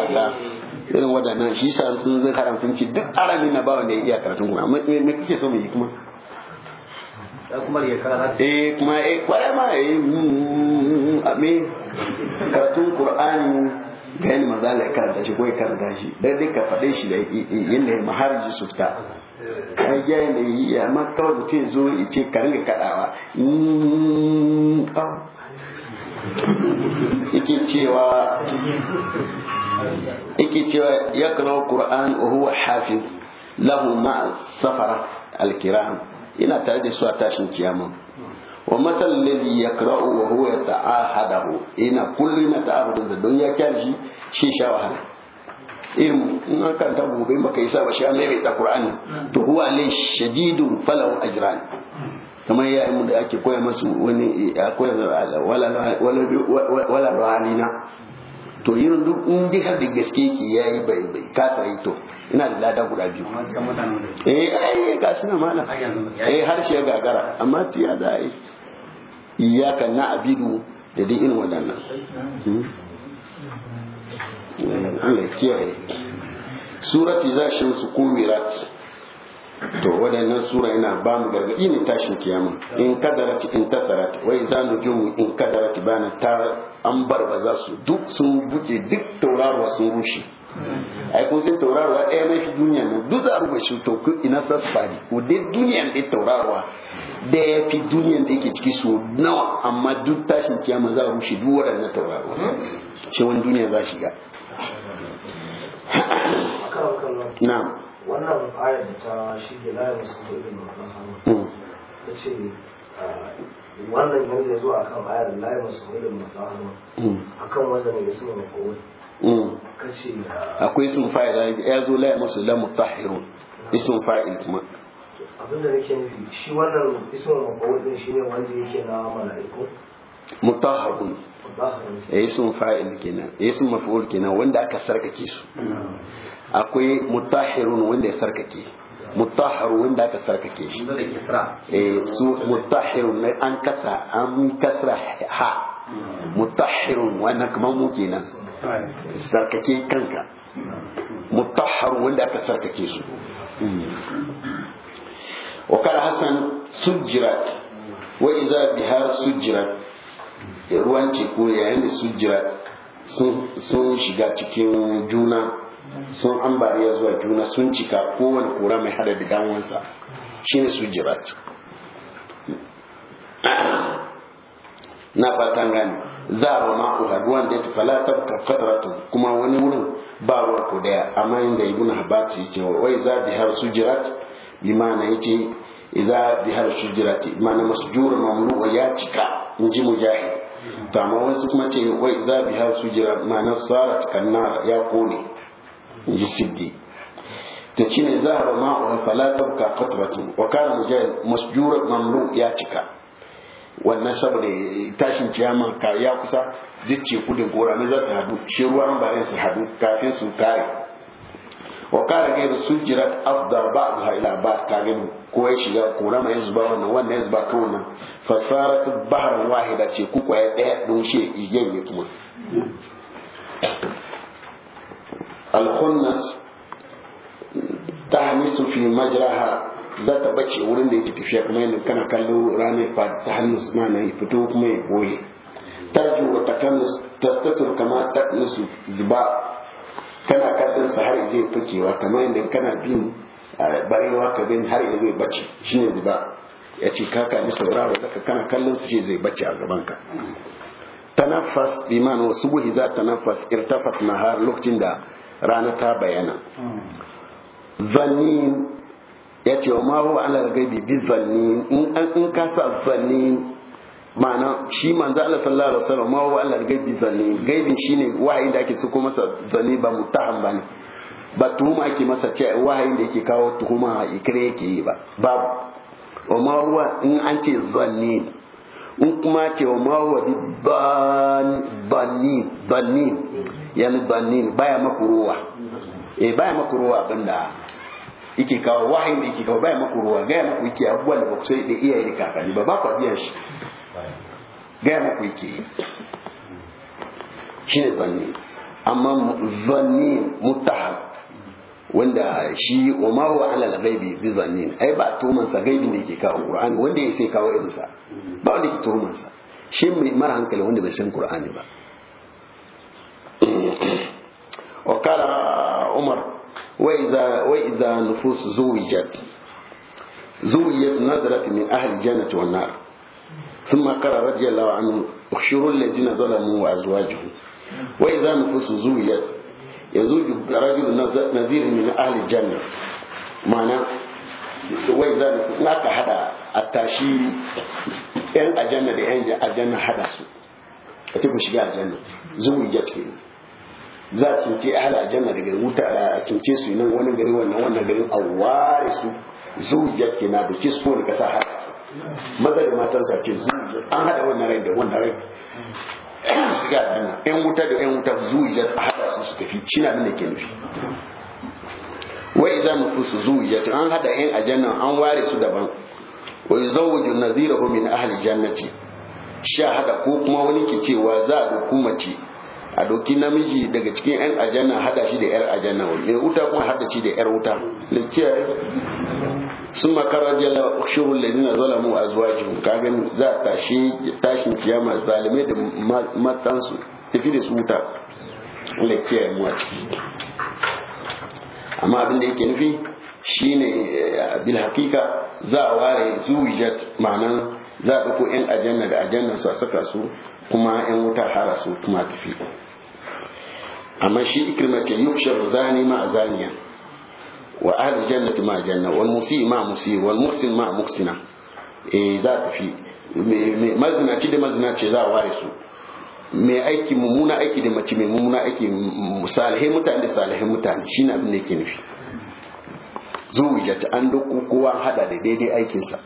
irin waɗannan shi sa sun zai karan sun ce duk arabi na ba wanda ya iya karatun kuma amma me kake so mu yi kuma eh kuma eh kwarai ma eh mm, mm, mm, ame karatun qur'ani ga yin maza da karanta shi ko ya karanta shi dan dai ka faɗe shi da yanda ya maharji su fita kai ga da yi amma kawai mutum zo ya ce ka ringa kaɗawa ah. yake cewa yake cewa ya kana qur'an wa huwa hafiz lahu ma safara al-kiram ina tare da su a tashin kiyama wa masal ladhi yakra'u wa huwa yata'ahadahu ina na ina ta'ahudin da don ya kyar shi shi sha wahala irin in an kanta gobe maka yasa ba shi mai da qur'ani to huwa lay shadidun falau ajran kamar ya mu da ake koya masu wani akwai wala wala wala to yi duk in dai har da gaske ki yayi bai bai kasa yi to ina da lada guda biyu eh ai ga na malam eh ya gagara amma a da ai iyyaka na abidu da dai irin wadannan hmm. eh, Allah ya kiyaye surati za shi su kumirat to waɗannan sura yana ba mu gargaɗi ne tashin kiyama in kadarat in tasarat wa idza nujumu in kadarat bana ta an barbaza su duk sun buke duk taurarwa sun rushe ai kun sai taurarwa ɗaya mai fi duniya nan duk za a rufe shi to ina sa su fadi ko dai duniyan ɗaya taurarwa da ya fi duniyan da yake ciki su nawa amma duk tashin kiyama za a rushe duk waɗannan taurarwa shi wani duniya za shiga na'am wannan ayar da ta shige layar su da ibn mutahara ta ce ah, wannan yanzu ya zuwa akan ayar layar su da ibn kan akan wannan ya suna makowai hmm. ah, akwai sun fa'il ya zo laye masu la mutahhirun hmm. isun fa'il kuma abinda nake nufi shi wannan isun mafawud shi shine wanda yake na mala'iku mutahharun mutahharun eh, sun fa'il kenan eh, sun maf'ul kenan wanda aka sarkake su hmm. akwai mutahirun wanda ya sarkake mutahharu wanda aka sarkake shi eh su mutahhirun ne an kasa an kasra ha mutahhirun wannan kamar mu kenan sarkake kanka mutahharu wanda aka sarkake su wa kana hasan sujjirat wa idza bihar sujjirat ruwan ko yayin da sujjirat sun shiga cikin juna sun ambariya zuwa juna sun cika kowane kura mai hada da damuwansa shine su jirat na fatan gani za a rama ku haduwan da ya tafi latar kataratu kuma wani wurin ba ruwa ko daya amma inda ibn habati yake wai za bi har su jirat bi mana yace idza bi har su jirat mana masjura mamlu'a ya cika inji mujahid to amma wasu kuma ce wai idza bi har su jirat mana sarat kanna ya kone ji siddi to shine zahara wani falatar ka katabatu wa kana mujahid masjura mamlu ya cika wannan saboda tashin ciyaman ka ya kusa ce kudin gora ne za su hadu shi ruwan bare su hadu kafin su kare wa kana gairu jira afdar a ila ba ka gani ko ya shiga kora mai zuba wannan wannan zuba ka wannan bahar wahida ce ku kwaya daya don shi igenge kuma alkhunnas tahnisu fi majraha za ta bace wurin da yake tafiya kuma yadda kana kallo ranar fa tahnisu ma nan fito kuma ya goye tarju wa takanus tastatur kama nisu zuba kana kallon sa har zai fakewa kamar yadda kana bin barewa ka bin har zai bace shine zuba ya ce ka kalli sauraro daga kana kallon su ce zai bace a gaban ka tanafas bi ma'ana wasu buhi za nafas irtafat nahar lokacin da rana ta bayana zannin ya ce wa ma huwa ala gaibi bi zannin in an in ka sa zannin ma'ana shi manzo Allah sallallahu alaihi wasallam ma huwa ala gaibi zannin gaibi shine wahayi da ake suko masa zanni ba mutaham bane ba tuhuma ake masa ce wahayi da yake kawo tuhuma ikire yake yi ba babu wa ma huwa in an ce zannin in kuma ce wa ma huwa bi zanni zanni yalbanin baya makuruwa eh baya makuruwa abinda yake kawo wahayi da yake kawo baya makuruwa gaya maku yake abubuwan da ku sai da iyaye da kakanni ba ba ku biya shi gaya maku yake ne zanni amma zanni mutahab wanda shi wa ma huwa ala al-ghaibi bi zannin ai ba tuhuman sa gaibi ne yake kawo qur'ani wanda yake sai kawo irinsa ba wanda yake tuhuman sa shi mara hankali wanda bai san qur'ani ba وقال عمر وإذا, وإذا نفوس زوجت زوجت نظرت من أهل الجنة والنار ثم قال رضي الله عنه احشروا الذين ظلموا وأزواجهم وإذا نفوس زوجت يزوج رجل نذير من أهل الجنة معنى وإذا نفوس ناك هذا التاشير ين أجنة بين أجنة هذا سوء أتبقى شجاع الجنة زوجت كده za a hada ahal aljanna daga wuta a ce su nan wani gari wannan wannan gari a ware su zuriyar ke na doke su kowane kasa har maza da matar sa ce zuriyar an hada wannan rai da wannan rai shiga dana yan wuta da yan wuta zuriyar a hada su su tafi shi na abin da ke nufi wa idza nufusu zuriyat an hada yan aljanna an ware su daban wa yuzawwiju nadhirahu min ahli jannati sha hada ko kuma wani ke cewa za a ga kuma ce a doki namiji daga cikin yan ajanna hada shi da yar ajanna wani wuta kuma hada shi da yar wuta lakiyar sun makara jala shirun lalina zalamu a zuwa jihun kagan za a tashi tashin kiyama zalimai da matansu tafi da su wuta lakiyar mu a ciki amma abin da yake nufi shine eh, bil hakika za a ware zuwijat ma'anan za a ɗauko yan ajanna da ajanna su a saka su kuma yan wuta hara su kuma tafi amma shi ikrima ce yushar zani ma zaniya wa ahli jannati ma janna wal musi ma musi wal muhsin ma muhsina eh za ta fi mazinaci da mazinaci za a ware su mai aiki mummuna aiki da mace mai mummuna aiki salihai mutane da salihai mutane shi na abin da yake nufi zuwa an duk kowa hada da daidai aikinsa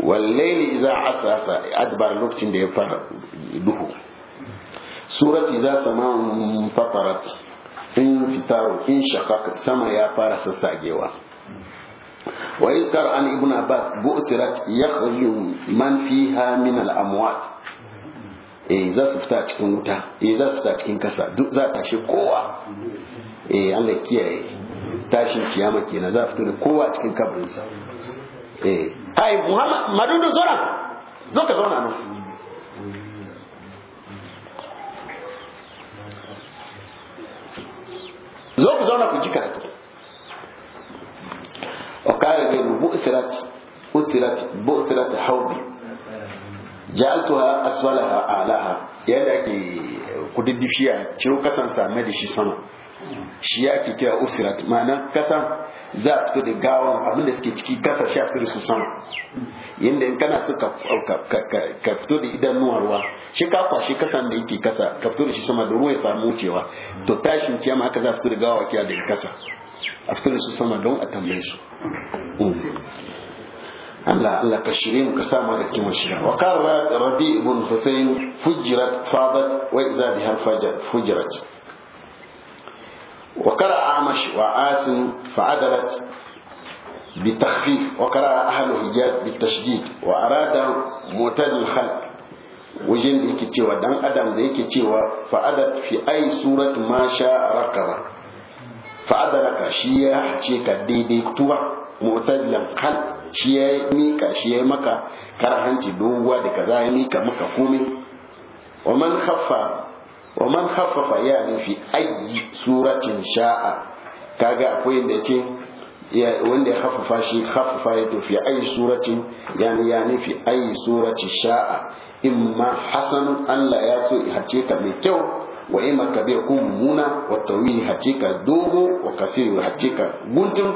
wallaili a sasa adbar lokacin da ya fara duhu surati za sama fatarat in fitaru in shakaka sama ya fara sassagewa wa iskar an ibn abbas bu'tirat yakhlu man fiha min al amwat eh za su fita cikin wuta eh za su fita cikin kasa duk za ta shi kowa eh Allah kiyaye tashin kiyama kenan za fito da kowa cikin kabarinsa eh ai muhammad madudu zora zo ka na nan zo ku zauna ku ji karatu kare ga rubu usirat usirat bu usirat haubi ja'altuha aswalaha alaha yadda ake kudiddishiya ciro kasan same da shi sama shi ya ke kira usirat ma'ana kasa za a fito da gawan abin da suke ciki kasa shi fito da su sama yadda in kana so ka fito da idan nuwarwa shi ka kwashe kasan da yake kasa ka fito da shi sama da ruwa ya samu wucewa to tashin kiyama haka za a fito da gawa kiyar da kasa a fito da su sama don a tambaye su mm. Allah Allah ka shirye mu ka sa mu da cikin shirya wa qala rabi ibn husayn fujirat fadat wa iza biha fujirat وقرأ أعمش وعاصم فعدلت بالتخفيف وقرأ أهل الحجاب بالتشديد وأراد معتاد الخلق wajen da yake cewa dan adam da yake cewa fa'adat fi ai surat ma sha rakaba fa'adaraka shi ya hace ka daidai tuwa mu'tazilan hal shi ya mika shi ya maka karhanci doguwa da kaza ya mika maka komai wa man khaffa wa man khaffafa yani fi ayyi suratin sha'a kaga akwai inda ce wanda ya haffafa shi haffafa ya tafi ayi suratin yani ya nufi ayi sha'a Ima hasan Allah ya so hace ka kyau wa imma ka bai ku muna wa tawi hace ka wa kasiri hace ka guntun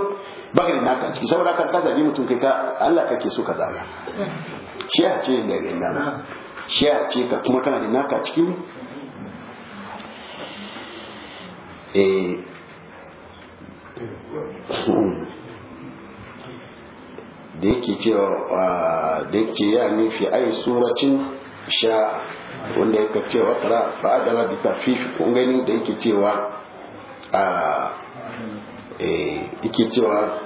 bakari naka ciki saboda ka ka zabi mutum kai ka Allah kake so ka zaba shi hace da nan shi hace ka kuma kana da naka ciki Eh. da yake cewa da yake ya nufi ai suracin sha wanda yake cewa kara fa'adara bi tafifi kun gani da yake cewa a eh, yake cewa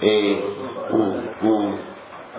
eh mm, mm.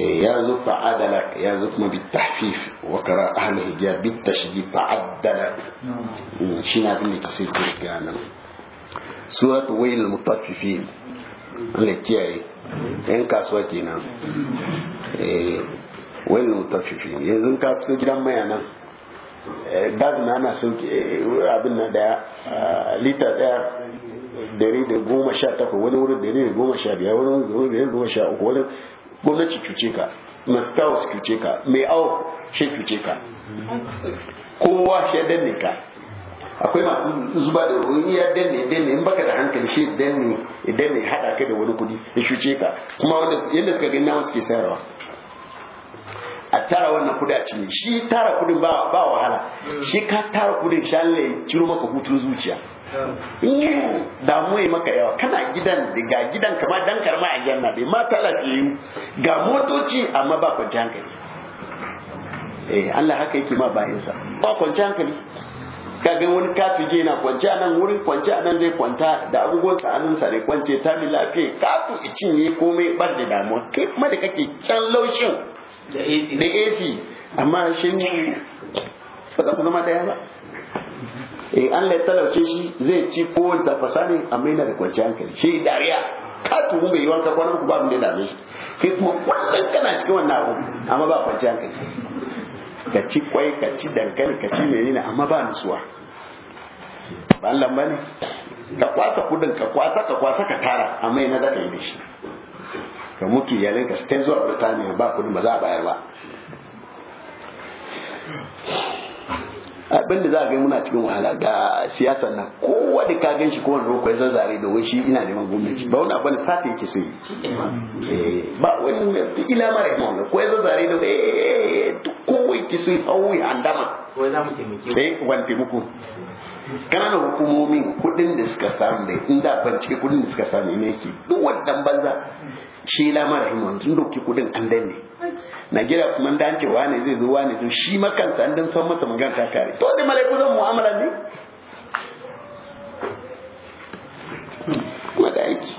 يرزق فعدل يرزقنا بالتحفيف وقرا اهل الحجاب بالتشديد فعدل شنو ابن كثير كان سورة ويل المطففين اللي كياي ان كاسوا كينا ويل المطففين يزن كاتو جرام ما يانا بعد ما انا سوك دا ليتا دا dari da goma sha takwa wani wurin dari da goma sha biyar wani wurin dari da goma sha uku wani gwamnati cuce ka moscow su cuce ka mai awo shi cuce ka kowa shi danne ka akwai masu zuba da ruwan ya danne danne in baka da hankali shi danne danne hada ka da wani kudi ya cuce ka kuma wanda yadda suka gani nawa suke sayarwa a tara wannan kudaci ne shi tara kudin ba wahala shi ka tara kudin shalle ciro maka hutun zuciya damuwa yi maka yawa kana gidan ga gidan kama dan karma a janna bai mata yi. ga motoci amma ba kwanci hankali eh Allah haka yake ma sa ba kwanci hankali kaga wani kafije na kwance anan, nan wurin kwance a nan zai kwanta da abubuwan sa anan sa ne kwance ta mi lafiya kafu yi komai bar da damuwa kai kuma da kake can laushin da AC amma shin ba ka zama daya ba in an lai talauce shi zai ci ko da fasanin amma yana da kwanci hankali shi dariya ka tuhu bai yi wanka kwanan ku ba da dame shi kai kuma kullum kana cikin wannan abu amma ba kwanci hankali ka ci kwai ka ci dankali ka ci menene amma ba nutsuwa ba an lamba ne ka kwasa kudin ka kwasa ka kwasa ka tara amma na da yi da shi ka muke yalin ka sai zuwa Burtaniya ba kudin ba za a bayar ba abin da za a kai muna cikin wahala ga siyasar nan kowa da ka gan shi kowane roƙo ya zare da shi ina neman gwamnati ba wani abin sata yake sai eh, ba wani ila mara mawa ko ya zare da eh, kowai yake sai hauwi a ko sai eh, wani taimako ƙananan hukumomin kudin da suka samu da inda cike kudin da suka samu ne yake duk wannan banza shi lamar himan sun doki kudin an danne na gira kuma dan ce wani zai zo wani zo shi makansa an dan san masa mun ta kare to dai malaiku zan mu'amala ne kuma da aiki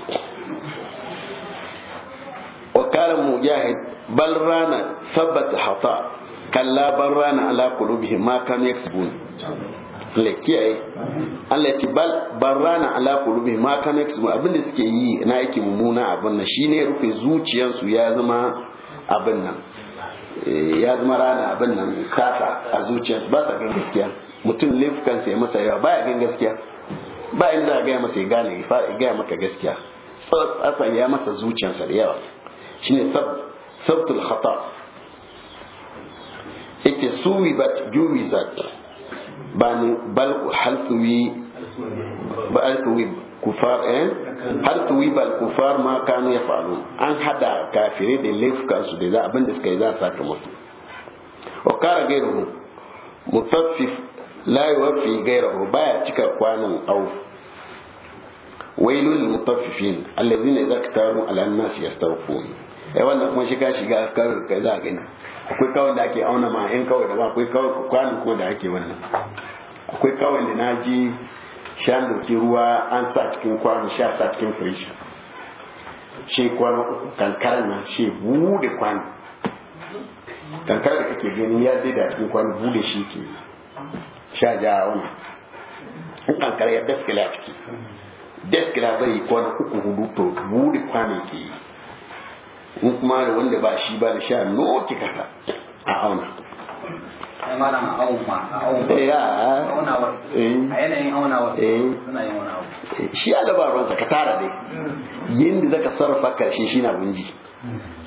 wa kala mujahid bal rana sabbat hata kalla bal rana ala qulubihim ma kan yaksubun Allah kiyaye Allah ce bal barrana ala qulubi ma kana yaksubun abinda suke yi na yake mummuna abin nan shine rufe zuciyarsu ya zama abin nan eh, ya zama rana abin nan sata a zuciyarsa ba sa gan gaskiya mutum laifukan sai masa yawa baya gan gaskiya ba inda ga gaya masa ya gane ya gaya maka gaskiya tsatsan ya masa zuciyarsa da yawa shine sabtul khata yake suwi bat juwi zat ba ni bal halsuwi ba alsuwi kufar eh har bal kufar ma kanu ya faru an hada kafire da laifuka su da za abinda da suka yi za a saka musu wa kara gairu mutaffif la yuwaffi gairahu baya cika kwanan au wailul mutaffifin alladhina idza ktaru ala an-nas yastawfun eh wannan kuma shi shiga shiga kar kai za a gani akwai kawai da ake auna ma in kawai da ba akwai kawai kwanan kuma da ake wannan akwai kawai da naji shan doki ruwa an sa cikin kwano a sa cikin firishi shi kwano uku kankaran nan she bude kwano kankara da kake gani ya da cikin kwano bude shi ke sha ja wani in kankara ya daskila ciki daskila bai kwano uku hudu to bude kwano ke yi in kuma da wanda ba shi ba da sha noki kasa a auna malam shi a dabarun ka tara dai yadda zaka sarrafa karshen shi na bunji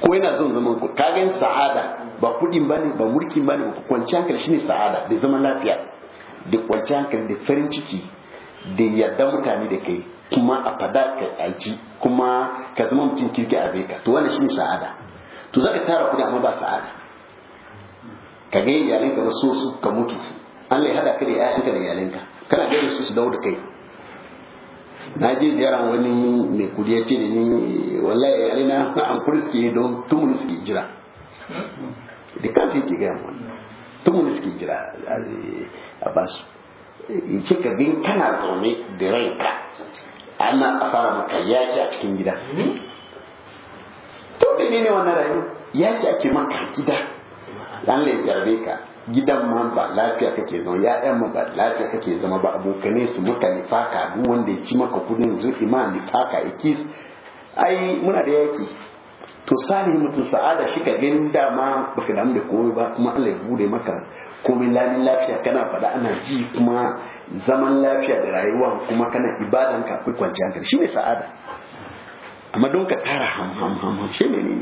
ko yana son zaman ku ka gani sa'ada ba kudin bane ba mulkin bane ba kwanci hankali shine sa'ada da zaman lafiya da kwanci hankali da farin ciki da yarda mutane da kai kuma a fada ka aiki kuma ka zama mutum kirki a bai ka to wannan shine sa'ada to zaka tara kudi amma ba sa'ada ka ga iyalinka ba so su ka mutu An lai hada ka da ƴaƴanka da iyalinka kana gaida su su dawo da kai na je ziyaran wani mai kudi ya ce da ni wallahi iyalina na an suke don tumul suke jira da kansu yake gaya mu tumul suke jira a ba su. in ce ka bin kana zaune da ranka ana a fara maka yaki a cikin gida mm-hmm. to ne wannan rayuwa yaki ake maka gida lalle ya jarbe ka gidan ma ba lafiya kake zama ya'yan ma ba lafiya kake zama ba abokanai su muka nifaka duk wanda ya ci maka kudin zuki ma nifaka ikis ai muna da yaki to sani mutum sa'ada shi ka gani dama baka damu da komai ba kuma Allah ya bude maka komai lamin lafiya kana faɗa ana ji kuma zaman lafiya da rayuwa kuma kana ibadan ka akwai kwanciyar hankali ne sa'ada amma don ka tara ham ham ham shi ne ne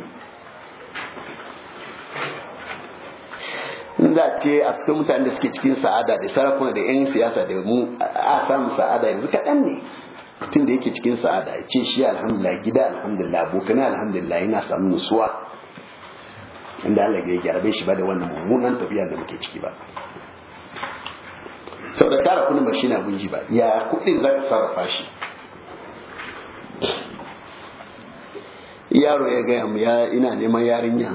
in a ce a cikin mutane da suke cikin sa'ada da sarakuna da 'yan siyasa da mu a samu sa'ada yanzu kaɗan ne mutum da yake cikin sa'ada ya ce shi alhamdulillah gida alhamdulillah abokanai alhamdulillah yana samun nutsuwa inda Allah ya gyarabe shi ba da wannan mummunan tafiya da muke ciki ba sau da tara kudin ba shi na gunji ba ya kudin za ka sarrafa shi yaro ya gaya mu ya ina neman yarinya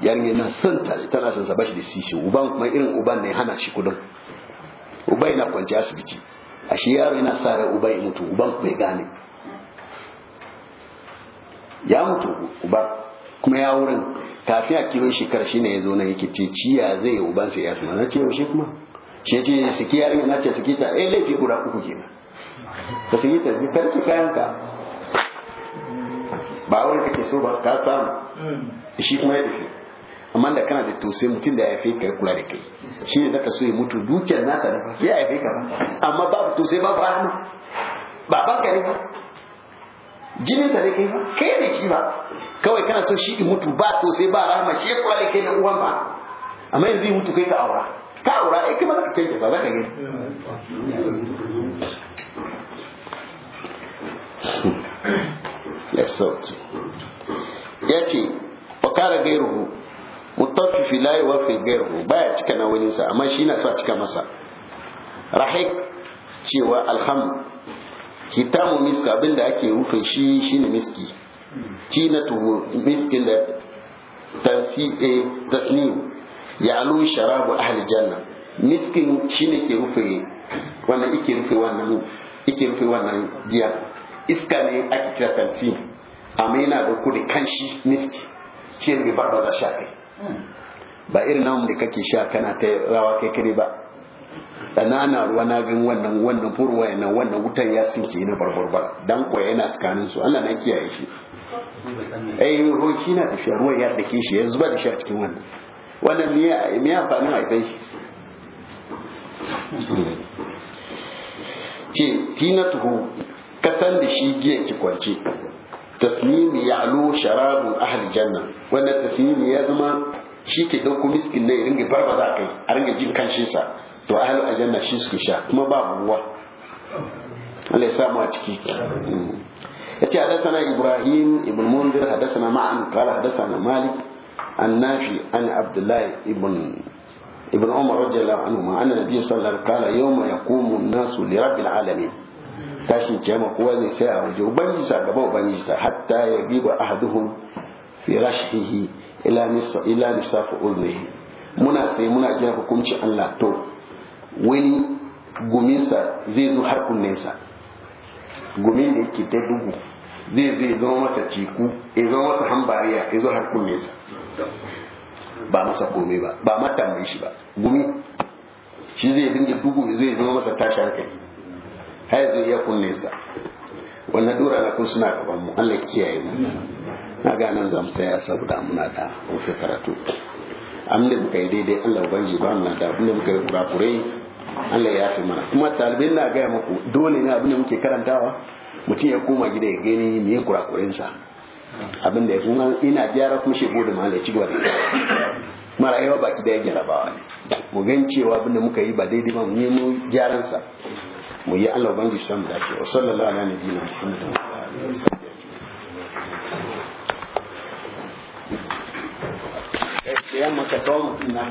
yarinya na son ta tana son sa bashi da sisi uban kuma irin uban ne hana shi kudin uban yana kwanci asibiti a shi yaro yana sa ran uban ya mutu uban kuma ya gane ya mutu uban kuma ya wurin kafin a kiwon shekara ne ya zo na yake ce ciya zai uban sai ya fi na ce yaushe kuma shi ce siki yarinya na ce siki ta eh laifi guda uku kenan ka siki ta bi tarki kayan ka ba wani kake so ba ka samu hmm. shi kuma ya tafi amma da kana da tausayi mutum da ya haife ka kula da kai shi ne zaka so ya mutu dukiyar nasa da baki ya haife ka amma babu tausayi babu rahama baban ka ne ba jinin da kai ba kai ne shi ba kawai kana so shi ya mutu ba tausayi ba rahama shi ya kula da kai na uwan ba amma yanzu in mutu kai ka aura ka aura ai kuma zaka kai ba zaka gani ya sauke ya ce wa kara gairuhu mutafifi la yuwafi gairu baya cika na wani sa amma shi na so a cika masa rahik cewa alham hitamu miska abinda ake rufe shi shine miski kinatu miskin da eh, tasnim alu sharabu ahli janna miskin shine ke rufe wannan ike rufe wannan ike rufe wannan giya iska ne ake kira tantin amma yana da kudi kanshi miski shi ne barbaza sha kai ba irin namun da kake sha kana ta rawa kai kare ba na ruwa na gan wannan wannan furwa yana wannan wutan ya sinke na barbarbar dan ko yana tsakanin su Allah na kiyaye shi eh ruwan shi na tafiya ruwan ya dake shi ya zuba da shi a cikin wannan wannan me me amfanin haifai shi ce tinatuhu kasan da shi giyan ki kwance taslim ya'lu sharabu ahli janna wannan taslim ya zama shi ke ɗauko miskin ne ringa barbaza kai a ringa jin kanshin sa to ahli aljanna shi suke sha kuma babu ruwa Allah ya samu a ciki hmm. yace hadathana ibrahim ibn munzir hadathana ma'an qala hadathana malik النافي عن an الله ابن ابن عمر رضي الله عنهما أن النبي صلى الله عليه وسلم قال يوم يقوم الناس لرب العالمين tashin kiyama kowa zai sai a waje ubangiji sa gaba ubangiji ta hatta ya a ahaduhum fi rashihi ila nisa ila nisafu muna sai muna jira hukunci Allah to wani guminsa zai zo har kunnensa gumin da yake ta dubu zai zai zama masa ciku ya zama masa hambariya ya zo har kunnensa ba masa komai ba ba mata mai shi ba gumi shi zai dinga dugu zai zama masa tashi hankali haizu ya kunne sa wanda dura na kun suna gaban mu Allah kiyaye mu na ga nan zamu sai saboda muna da fi karatu amma muka yi daidai Allah ubangiji ba mu da abin da muka yi kurakurai Allah ya fi mana kuma talibin na gaya muku dole ne abin da muke karantawa mutum ya koma gida ya gani me kurakurin sa abin da ya kuma ina gyara kuma shi gode ma ci gaba da mara yawa baki da ya gyara ne mu gan cewa abin da muka yi ba daidai ba mu nemo gyaran sa mu yi Allah bangi samu dace wa sallallahu ala nabiyina Muhammadin wa alihi wasallam ya maka tawo mutum na